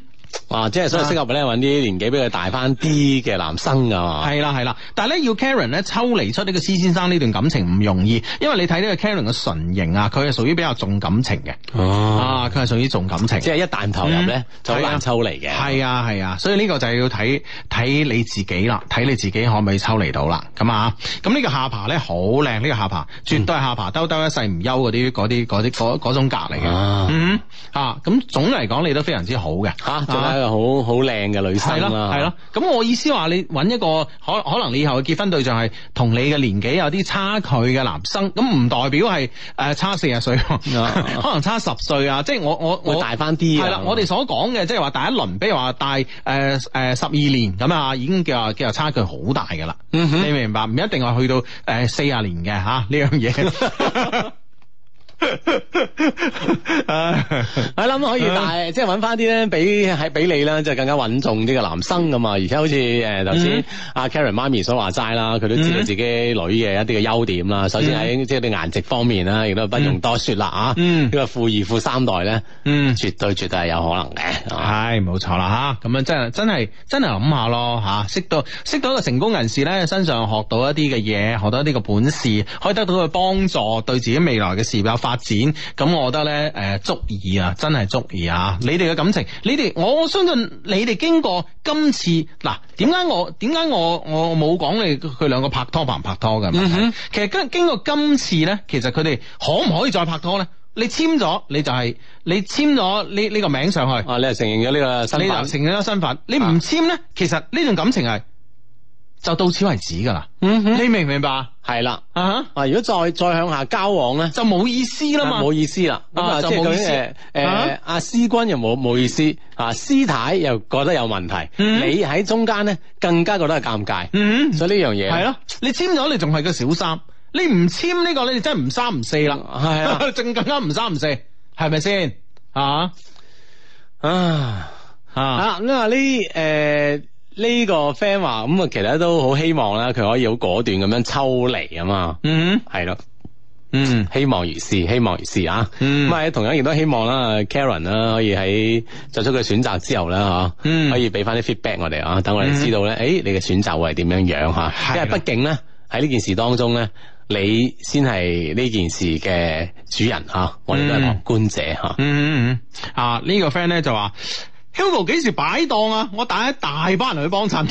哇！即係所以適合咧揾啲年紀比佢大翻啲嘅男生啊嘛！係啦，係啦，但係咧要 Karen 咧抽離出呢個施先生呢段感情唔容易，因為你睇呢個 Karen 嘅唇型啊，佢係屬於比較重感情嘅。啊，啊，佢係屬於重感情，即係一旦投入咧、嗯、就好難抽離嘅。係啊，係啊，所以呢個就係要睇睇你自己啦，睇你自己可唔可以抽離到啦？咁啊，咁呢個下巴咧好靚，呢、這個下巴絕對係下巴，兜兜一世唔休嗰啲嗰啲啲種格嚟嘅，、啊嗯。啊，咁總嚟講你都非常之好嘅。啊就是係一個好好靚嘅女生啊！係咯，係咯。咁我意思話，你揾一個可可能你以後嘅結婚對象係同你嘅年紀有啲差距嘅男生，咁唔代表係誒差四十歲， *laughs* *laughs* 可能差十歲啊，的的即係我我我大翻啲。係啦，我哋所講嘅即係話第一輪，比如話大誒誒、呃呃、十二年咁啊，已經叫話叫話差距好大噶啦。嗯、哼你明白？唔一定話去到誒四十年嘅吓呢樣嘢。啊這個 *laughs* 我 *laughs* 諗可以帶即係揾翻啲咧，比喺比你啦，就更加穩重啲嘅男生咁嘛。而且好似誒頭先阿 Karen 媽咪所話齋啦，佢都、嗯、知道自己女嘅一啲嘅優點啦。嗯、首先喺即係啲顏值方面啦，亦都不用多說啦、嗯、啊！呢個富二富三代咧，嗯，絕對絕對係有可能嘅。係冇錯啦吓，咁、嗯、樣、啊哎、真係真係真係諗下咯吓，識到識到一個成功人士咧，身上學到一啲嘅嘢，學到一啲嘅本事，可以得到佢幫助，對自己未來嘅事業有發展。發展，咁，我覺得咧，誒，足以啊，真係足以啊。你哋嘅感情，你哋，我相信你哋經過今次嗱，點解我點解我我冇講你佢兩個拍拖拍唔拍拖嘅，其實經經過今次呢，其實佢哋可唔可以再拍拖呢？你簽咗你就係你簽咗呢呢個名上去啊？你係承認咗呢個身份，你承認咗身份。你唔簽呢？其實呢段感情係。就到此為止噶啦，你明唔明白？係啦，啊，如果再再向下交往咧，就冇意思啦嘛，冇意思啦，咁啊，即係佢誒，阿師君又冇冇意思，啊，師太又覺得有問題，你喺中間咧更加覺得係尷尬，所以呢樣嘢係咯，你簽咗你仲係個小三，你唔簽呢個你真係唔三唔四啦，係啊，正更加唔三唔四，係咪先啊？啊，吓咁啊呢誒。呢個 friend 話咁啊，其實都好希望啦，佢可以好果斷咁樣抽離啊嘛。嗯，係咯，嗯，希望如是，希望如是啊。咁啊、mm，hmm. 同樣亦都希望啦，Karen 啦，可以喺作出佢選擇之後啦，吓、mm，hmm. 可以俾翻啲 feedback 我哋啊，等我哋知道咧，誒、mm hmm. 哎，你嘅選擇會係點樣樣吓。因為畢竟咧喺呢件事當中咧，你先係呢件事嘅主人吓，mm hmm. 我哋都係旁觀者吓。嗯嗯嗯，hmm. 啊呢、呢個 friend 咧就話。Hugo 幾時擺檔啊？我帶一大班人去幫襯，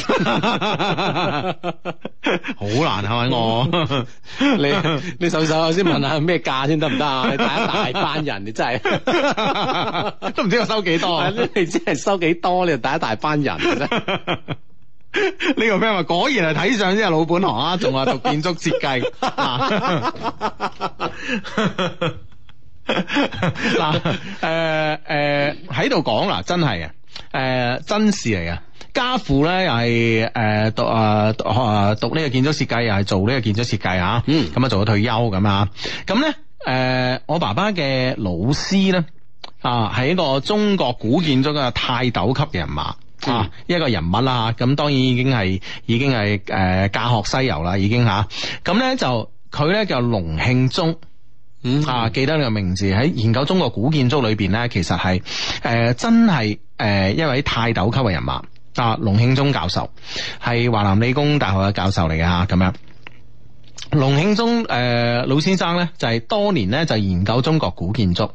好 *laughs* 難係咪？ *laughs* 我你你手手先問，問下咩價先得唔得啊？你帶一大班人，你真係 *laughs* 都唔知我收幾多， *laughs* 你知收幾多。你真係收幾多？你就帶一大班人啫？呢個咩話？果然係睇相先係老本行啊！仲話讀建築設計嗱，誒誒，喺度講啦，真係啊！誒，真事嚟嘅，家父咧又係誒讀啊啊讀呢個建築設計，又係做呢個建築設計啊，咁啊做咗退休咁啊，咁咧誒我爸爸嘅老師咧啊，係一個中國古建築嘅泰斗級嘅人物啊，一個人物啦，咁、啊、當然已經係已經係誒駕鶴西遊啦，已經吓，咁咧就佢咧就龍慶忠。啊啊嗯，啊，記得你個名字喺研究中國古建築裏邊咧，其實係誒、呃、真係誒、呃、一位泰斗級嘅人物啊，龍慶忠教授係華南理工大學嘅教授嚟嘅吓，咁、啊、樣龍慶忠誒、呃、老先生咧就係、是、多年咧就研究中國古建築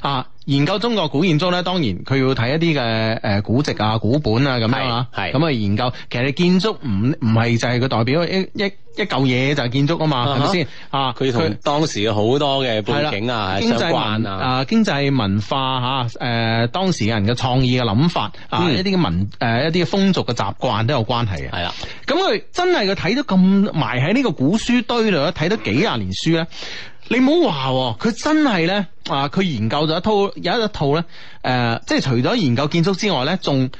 啊。研究中國古建築咧，當然佢要睇一啲嘅誒古籍啊、古本啊咁樣啊嘛，係咁啊研究。其實建築唔唔係就係佢代表一一一嚿嘢就係建築啊嘛哈，係咪先啊？佢同當時好多嘅背景啊、經濟文關啊、經濟文化嚇誒、啊、當時人嘅創意嘅諗法、嗯、啊、一啲嘅文誒一啲嘅風俗嘅習慣都有關係嘅。係啦的，咁佢真係佢睇到咁埋喺呢個古書堆度，睇到幾廿年書咧。你唔好話，佢真係咧啊！佢研究咗一套有一套咧，誒、呃，即係除咗研究建築之外咧，仲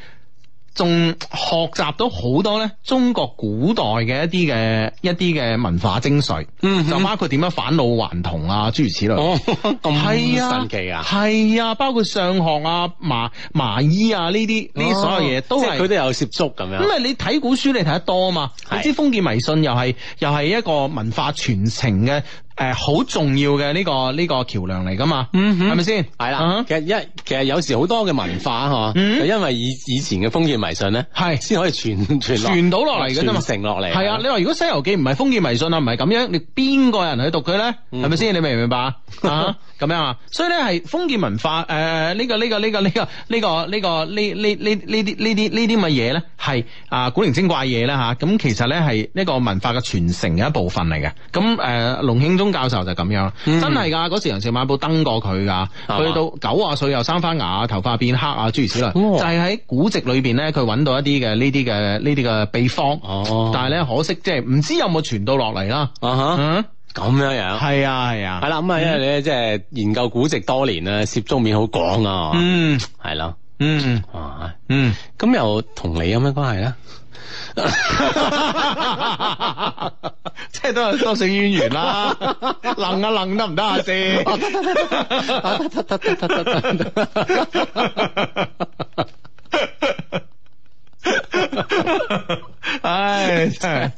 仲學習到好多咧中國古代嘅一啲嘅一啲嘅文化精髓，嗯哼，就包括點樣返老還童啊，諸如此類。咁、哦、神奇啊！係啊，啊，包括上學啊、麻麻衣啊呢啲呢，所有嘢都，哦、即係佢都有涉足咁樣。咁啊，你睇古書你睇得多啊嘛，的你知封建迷信又係又係一個文化傳承嘅。誒，好重要嘅呢個呢個橋梁嚟噶嘛，係咪先？係啦，其實一其實有時好多嘅文化嗬，因為以以前嘅封建迷信咧，係先可以傳傳傳到落嚟嘅啫嘛，承落嚟。係啊，你話如果西遊記唔係封建迷信啊，唔係咁樣，你邊個人去讀佢咧？係咪先？你明唔明白啊？咁樣啊？所以咧，係封建文化誒，呢個呢個呢個呢個呢個呢個呢呢呢呢啲呢啲呢啲嘅嘢咧，係啊古靈精怪嘢啦吓。咁其實咧係呢個文化嘅傳承嘅一部分嚟嘅。咁誒，龍慶中。教授就咁樣，真係噶嗰時《羊城晚報》登過佢噶，去到九啊歲又生翻牙，頭髮變黑啊，諸如此類，就係喺古籍裏邊咧，佢揾到一啲嘅呢啲嘅呢啲嘅秘方。哦，但係咧可惜即係唔知有冇傳到落嚟啦。啊咁樣樣係啊係啊，係啦咁啊，因為你即係研究古籍多年啊，涉足面好廣啊。嗯，係啦，嗯啊，嗯，咁又同你有咩關係咧？即係都係多世淵源啦、啊，楞 *laughs* 啊楞得唔得啊先？哎呀！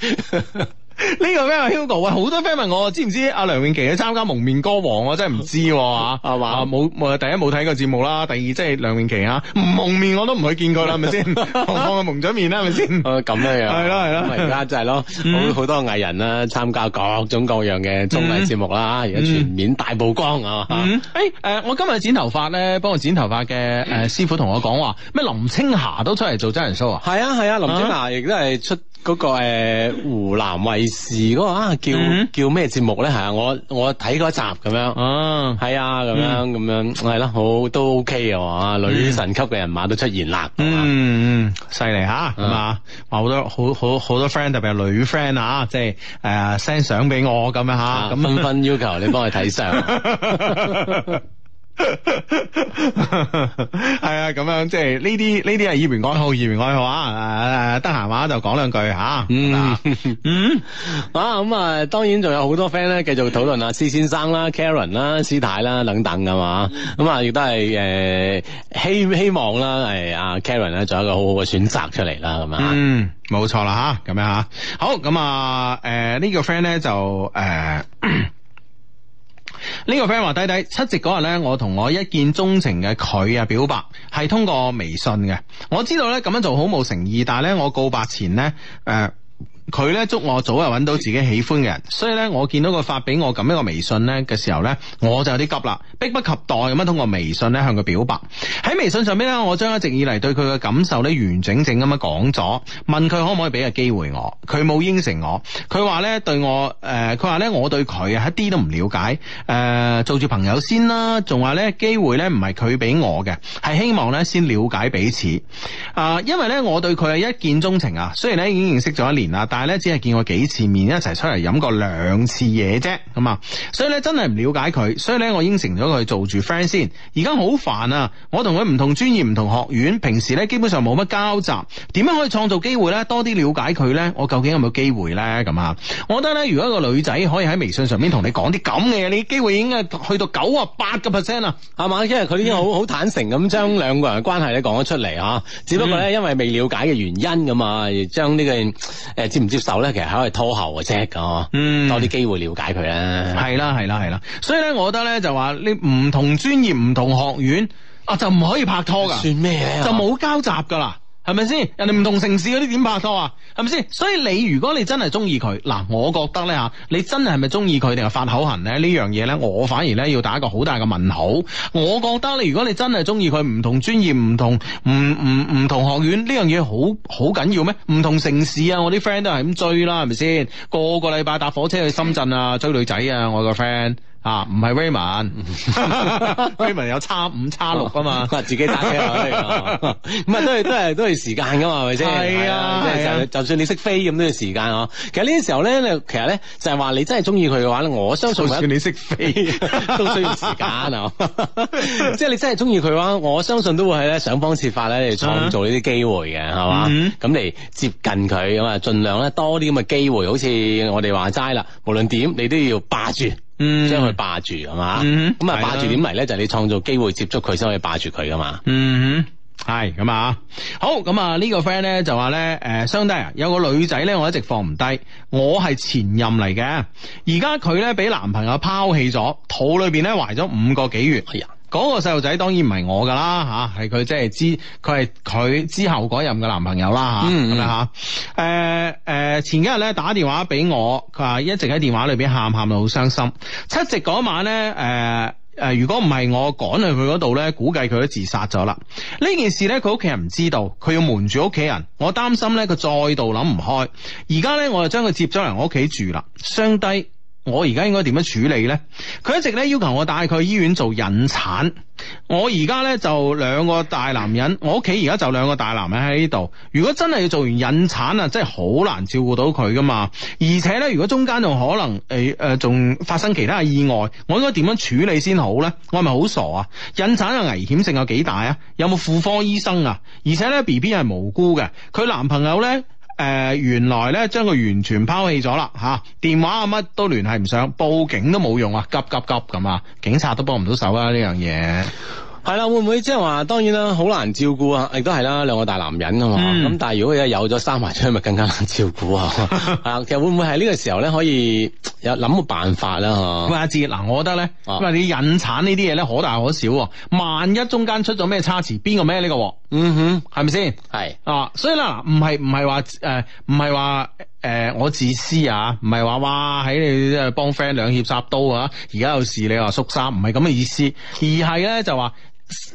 呢個咩？Hugo 啊，好多 friend 問我，知唔知阿梁詠琪去參加蒙面歌王我真係唔知嚇、啊，係嘛、 *laughs* 啊？冇誒，第一冇睇過節目啦，第二即係梁詠琪啊，唔蒙面我都唔去見佢啦，係咪先？我望佢蒙咗面啦，係咪先？咁嘅、 *laughs* 啊、樣係咯係咯，而家 *laughs* *laughs* 就係咯，好好多藝人啦、啊，參加各種各樣嘅綜藝節目啦、啊，而家全面大曝光啊！誒、啊 *laughs* 哎呃、我今日剪頭髮咧，幫我剪頭髮嘅誒、呃、 *laughs* 師傅同我講話，咩林青霞都出嚟做真人 show 啊？係 *laughs* 啊係啊，林青霞亦都係出。嗰、那個誒、呃、湖南衛視嗰個啊，叫叫咩節目咧？係啊，我我睇過一集咁樣。哦，係啊，咁樣咁樣，係咯、嗯，好都 OK 嘅。女神級嘅人馬都出現啦。嗯嗯，犀利吓，係嘛？話、啊啊、好，好，好多好好好多 friend 特別係女 friend 啊，即係誒 send 相俾我咁樣吓。咁、啊啊啊、分分要求，你幫佢睇相。係啊，咁樣即係呢啲呢啲係議員愛好，議員愛好啊！誒，得閒話就講兩句吓。嗯，嗯，啊，咁啊，當然仲有好多 friend 咧，繼續討論阿施先生啦、Karen 啦、施太啦等等噶嘛。咁啊，亦都係誒希希望啦，係阿 Karen 咧，做一個好好嘅選擇出嚟啦，咁啊。嗯，冇錯啦，吓咁樣吓。好，咁啊，誒呢個 friend 咧就誒。呢個 friend 話：弟弟七夕嗰日呢，我同我一見鍾情嘅佢啊表白，係通過微信嘅。我知道呢，咁樣做好冇誠意，但係呢，我告白前呢。呃，誒。佢咧祝我早日揾到自己喜歡嘅人，所以咧我見到佢發俾我咁一個微信咧嘅時候呢，我就有啲急啦，迫不及待咁樣通過微信咧向佢表白。喺微信上邊咧，我將一直以嚟對佢嘅感受咧完整整咁樣講咗，問佢可唔可以俾個機會我？佢冇應承我，佢話咧對我誒，佢話咧我對佢啊一啲都唔了解誒、呃，做住朋友先啦，仲話咧機會咧唔係佢俾我嘅，係希望咧先了解彼此。啊、呃，因為咧我對佢係一見鍾情啊，雖然咧已經認識咗一年啦，但但係咧，只係見過幾次面，一齊出嚟飲過兩次嘢啫，咁啊，所以咧真係唔了解佢，所以咧我應承咗佢做住 friend 先。而家好煩啊！我同佢唔同專業、唔同學院，平時咧基本上冇乜交集。點樣可以創造機會咧？多啲了解佢咧，我究竟有冇機會咧？咁啊，我覺得咧，如果一個女仔可以喺微信上面同你講啲咁嘅嘢，你機會已經去到九啊八個 percent 啊，係嘛？因為佢已經好好、嗯、坦誠咁將兩個人嘅關係咧講咗出嚟啊。嗯、只不過咧，因為未了解嘅原因咁啊，而將呢、這個誒、呃接受咧，其實係可以拖後嘅啫，咁、嗯、多啲機會了解佢啦。係啦，係啦，係啦，所以咧，我覺得咧就話，你唔同專業、唔同學院啊，就唔可以拍拖噶，算咩啊？就冇交集噶啦。係咪先？是是人哋唔同城市嗰啲點拍拖啊？係咪先？所以你如果你真係中意佢，嗱，我覺得呢，吓，你真係咪中意佢定係發口痕呢？呢樣嘢呢，我反而呢要打一個好大嘅問號。我覺得你，如果你真係中意佢，唔同專業、唔同、唔唔唔同學院呢樣嘢，好好緊要咩？唔同城市啊，我啲 friend 都係咁追啦，係咪先？個個禮拜搭火車去深圳啊，追女仔啊，我個 friend。啊，唔係 Raymond，Raymond *laughs* 有差五差六噶嘛， *laughs* 自己揸車， *laughs* *laughs* 啊。唔係都係都係都係時間噶嘛，係咪先？係啊，啊就，就算你識飛咁都要時間啊。其實呢啲時候咧，其實咧就係話你真係中意佢嘅話咧，我相信就算你識飛，都需要時間啊。即係你真係中意佢嘅話，我相信都會喺咧想方設法咧嚟創造呢啲機會嘅，係嘛？咁嚟接近佢，咁啊盡量咧多啲咁嘅機會，好似我哋話齋啦，無論點你都要霸住。將佢霸住，係嘛？咁啊霸住點嚟咧？就係你創造機會接觸佢先可以霸住佢噶嘛。嗯哼，係咁啊，好。咁啊呢個 friend 咧就話咧，誒、呃，兄弟啊，有個女仔咧我一直放唔低，我係前任嚟嘅，而家佢咧俾男朋友拋棄咗，肚裏邊咧懷咗五個幾月。係啊、哎。嗰個細路仔當然唔係我噶啦嚇，係、啊、佢即係知，佢係佢之後嗰任嘅男朋友啦嚇，咁、嗯嗯、啊嚇，誒前幾日咧打電話俾我，佢話一直喺電話裏邊喊，喊到好傷心，七夕嗰晚咧誒誒如果唔係我趕去佢嗰度咧，估計佢都自殺咗啦。呢件事咧佢屋企人唔知道，佢要瞞住屋企人，我擔心咧佢再度諗唔開，而家咧我就將佢接咗嚟我屋企住啦，相低。我而家應該點樣處理呢？佢一直咧要求我帶佢去醫院做引產。我而家呢，就兩個大男人，我屋企而家就兩個大男人喺呢度。如果真係要做完引產啊，真係好難照顧到佢噶嘛。而且呢，如果中間仲可能誒誒，仲、呃呃、發生其他意外，我應該點樣處理先好呢？我係咪好傻啊？引產嘅危險性有幾大啊？有冇婦科醫生啊？而且呢，BB 係無辜嘅，佢男朋友呢。誒、呃、原來咧，將佢完全拋棄咗啦嚇，電話啊乜都聯繫唔上，報警都冇用啊，急急急咁啊，警察都幫唔到手啊呢樣嘢。係啦，會唔會即係話，當然啦，好難照顧啊，亦都係啦，兩個大男人啊嘛。咁、嗯、但係如果一有咗生埋出嚟，咪更加難照顧啊。 *laughs* 啊，其實會唔會係呢個時候咧，可以有諗個辦法喂、啊、啦吓？阿志，嗱，我覺得咧，嗱、啊，因為你引產呢啲嘢咧，可大可小。萬一中間出咗咩差池，邊、邊個咩呢個鍋？嗯哼，係咪先？係是啊，所以啦，唔係唔係話誒，唔係話誒，我自私啊，唔係話話喺你即係幫 friend 兩脅插刀啊。而家有事你話縮沙，唔係咁嘅意思，而係咧就話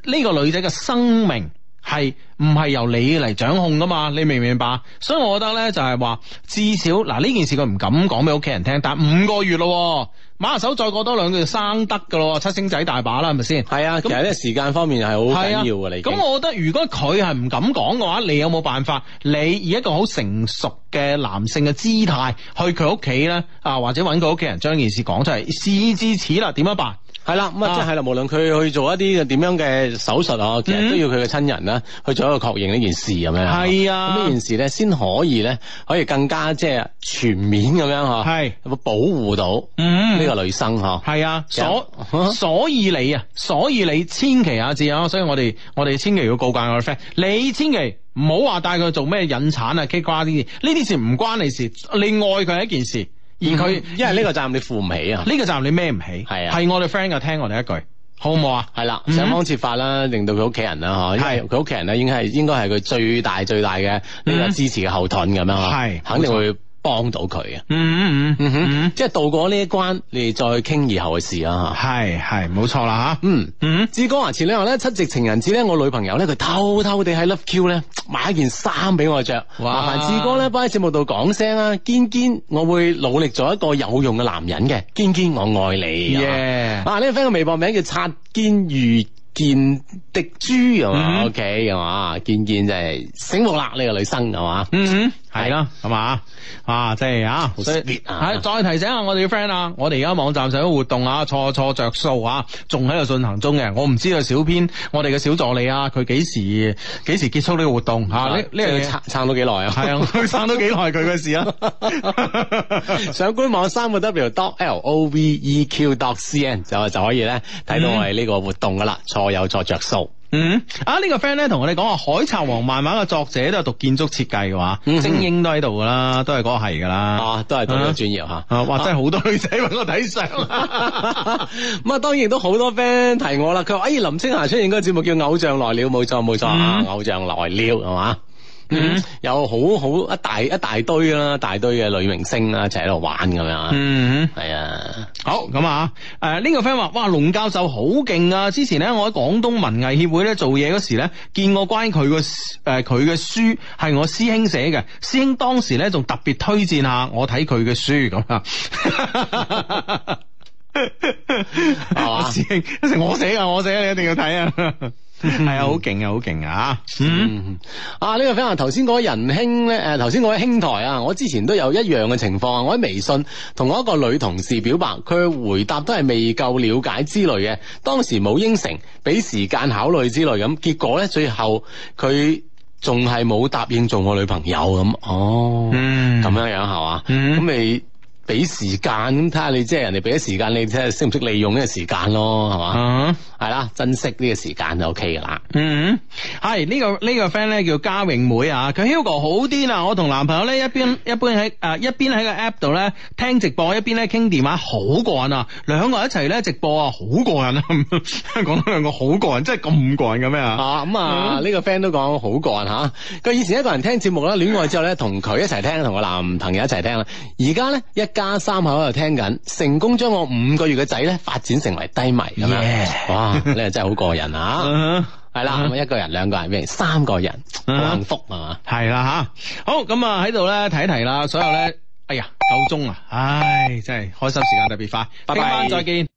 呢個女仔嘅生命係唔係由你嚟掌控噶嘛？你明唔明白？所以我覺得呢就係話，至少嗱呢件事佢唔敢講俾屋企人聽，但五個月咯，馬亞手再過多兩個月就生得噶咯，七星仔大把啦，係咪先？係啊，其實呢時間方面係好緊要噶。啊、你咁我覺得如果佢係唔敢講嘅話，你有冇辦法？你以一個好成熟嘅男性嘅姿態去佢屋企呢，啊，或者揾佢屋企人將件事講出嚟，事至此啦，點樣辦？係啦，咁啊，即係啦，無論佢去做一啲點樣嘅手術啊，嗯、其實都要佢嘅親人啦，去做一個確認呢件事咁、嗯、樣。係啊的，呢件事咧先可以咧，可以更加即係全面咁樣嗬。係，有冇保護到呢個女生嗬。係啊的，樣所以所以你啊，所以你千祈啊，注啊，所以我哋我哋千祈要告誡我嘅 friend，你千祈唔好話帶佢做咩引產啊、K 瓜啲嘢，呢啲事唔關你事，你愛佢係一件事。而佢，mm hmm. 因為呢個站責你負唔起啊，呢個責任你孭唔起，係啊，係我哋 friend 啊，聽我哋一句，好唔好啊？係啦、嗯，想方設法啦，mm hmm. 令到佢屋企人啦、啊、嚇，是因為佢屋企人咧、啊、應該係應該係佢最大最大嘅呢個支持嘅後盾咁樣嚇，肯定會。幫到佢啊，嗯嗯嗯，即係渡過呢一關，你哋再傾以後嘅事啦吓。係係冇錯啦吓，嗯嗯。志哥話前兩日咧七夕情人節咧，我女朋友咧佢偷偷地喺 Love Q 咧買一件衫俾我着。麻煩志哥咧，幫喺節目度講聲啊。堅堅我會努力做一個有用嘅男人嘅，堅堅我愛你。啊呢個 friend 嘅微博名叫擦肩遇見滴珠啊嘛，OK 啊嘛，堅堅就係醒目啦，呢個女生係嘛，嗯。係啦，係嘛啊,啊，即係啊，好犀利，係、啊、再提醒下我哋啲 friend 啊，我哋而家網站上有活動啊，錯錯着數啊，仲喺度進行中嘅，我唔知道小編，我哋嘅小助理啊，佢幾時幾時結束呢個活動吧啊？呢呢樣要撐撐到幾耐啊？係啊，佢撐到幾耐佢嘅事啊。 *laughs* 上官網三個 w dot l o v e q dot c n 就就可以咧睇到我哋呢個活動噶啦，錯有錯着數。嗯，mm hmm. 啊、這個、呢個 friend 咧同我哋講話《海賊王》漫畫嘅作者都係讀建築設計嘅話，mm hmm. 精英都喺度噶啦，都係嗰個係噶啦，啊都係讀咗專業吓，啊，啊哇真係好多女仔揾我睇相，咁啊 *laughs* *laughs* 當然都好多 friend 提我啦，佢話咦，林青霞出現嗰個節目叫《偶像來了》，冇錯冇錯啊，錯《mm hmm. 偶像來了》係嘛。嗯，mm hmm. 有好好一大一大堆啦，大堆嘅女明星啦，一齊喺度玩咁、mm hmm. 啊、樣啊。嗯、呃，係啊。好，咁啊，誒，呢個 friend 話，哇，龍教授好勁啊！之前咧，我喺廣東文藝協會咧做嘢嗰時咧，見過關於佢嘅誒，佢、呃、嘅書係我師兄寫嘅，師兄當時咧仲特別推薦下我睇佢嘅書咁啊。師兄，我寫啊，我寫啊，你一定要睇啊！ *laughs* 係啊，好勁啊，好勁啊！嗯，啊呢個 friend 話，頭先嗰位仁兄咧，誒，頭先嗰位兄台啊，我之前都有一樣嘅情況，我喺微信同我一個女同事表白，佢回答都係未夠了解之類嘅，當時冇應承，俾時間考慮之類咁，結果咧最後佢仲係冇答應做我女朋友咁，哦，嗯，咁樣樣係嘛，咁、啊、咪。嗯俾時間咁睇下你，即係人哋俾咗時間你，睇下識唔識利用呢個時間咯，係嘛？係啦、uh huh.，珍惜呢個時間就 OK 噶啦。嗯、uh，係、huh. 這個這個、呢個呢個 friend 咧叫嘉穎妹啊，佢 Hugo 好癲啊！我同男朋友咧一邊一邊喺誒、啊、一邊喺個 app 度咧聽直播，一邊咧傾電話，好過癮啊！兩個一齊咧直播啊，好過癮啊！講 *laughs* 到兩個好過癮，真係咁過癮嘅咩、uh huh. 啊？啊、嗯、咁啊，呢、這個 friend 都講好過癮嚇、啊。佢以前一個人聽節目啦，戀愛之後咧同佢一齊聽，同個男朋友一齊聽啦。而家咧一家三口喺度聽緊，成功將我五個月嘅仔咧發展成為低迷咁樣，Yeah. 哇！你真係好過癮 *laughs* 啊！係啦了，啊、一個人、兩個人、咩三個人，啊、幸福啊嘛！係啦吓，好咁啊喺度咧睇一題啦，所有咧，哎呀夠鐘啊！唉，真係開心時間特別快，拜拜，再見。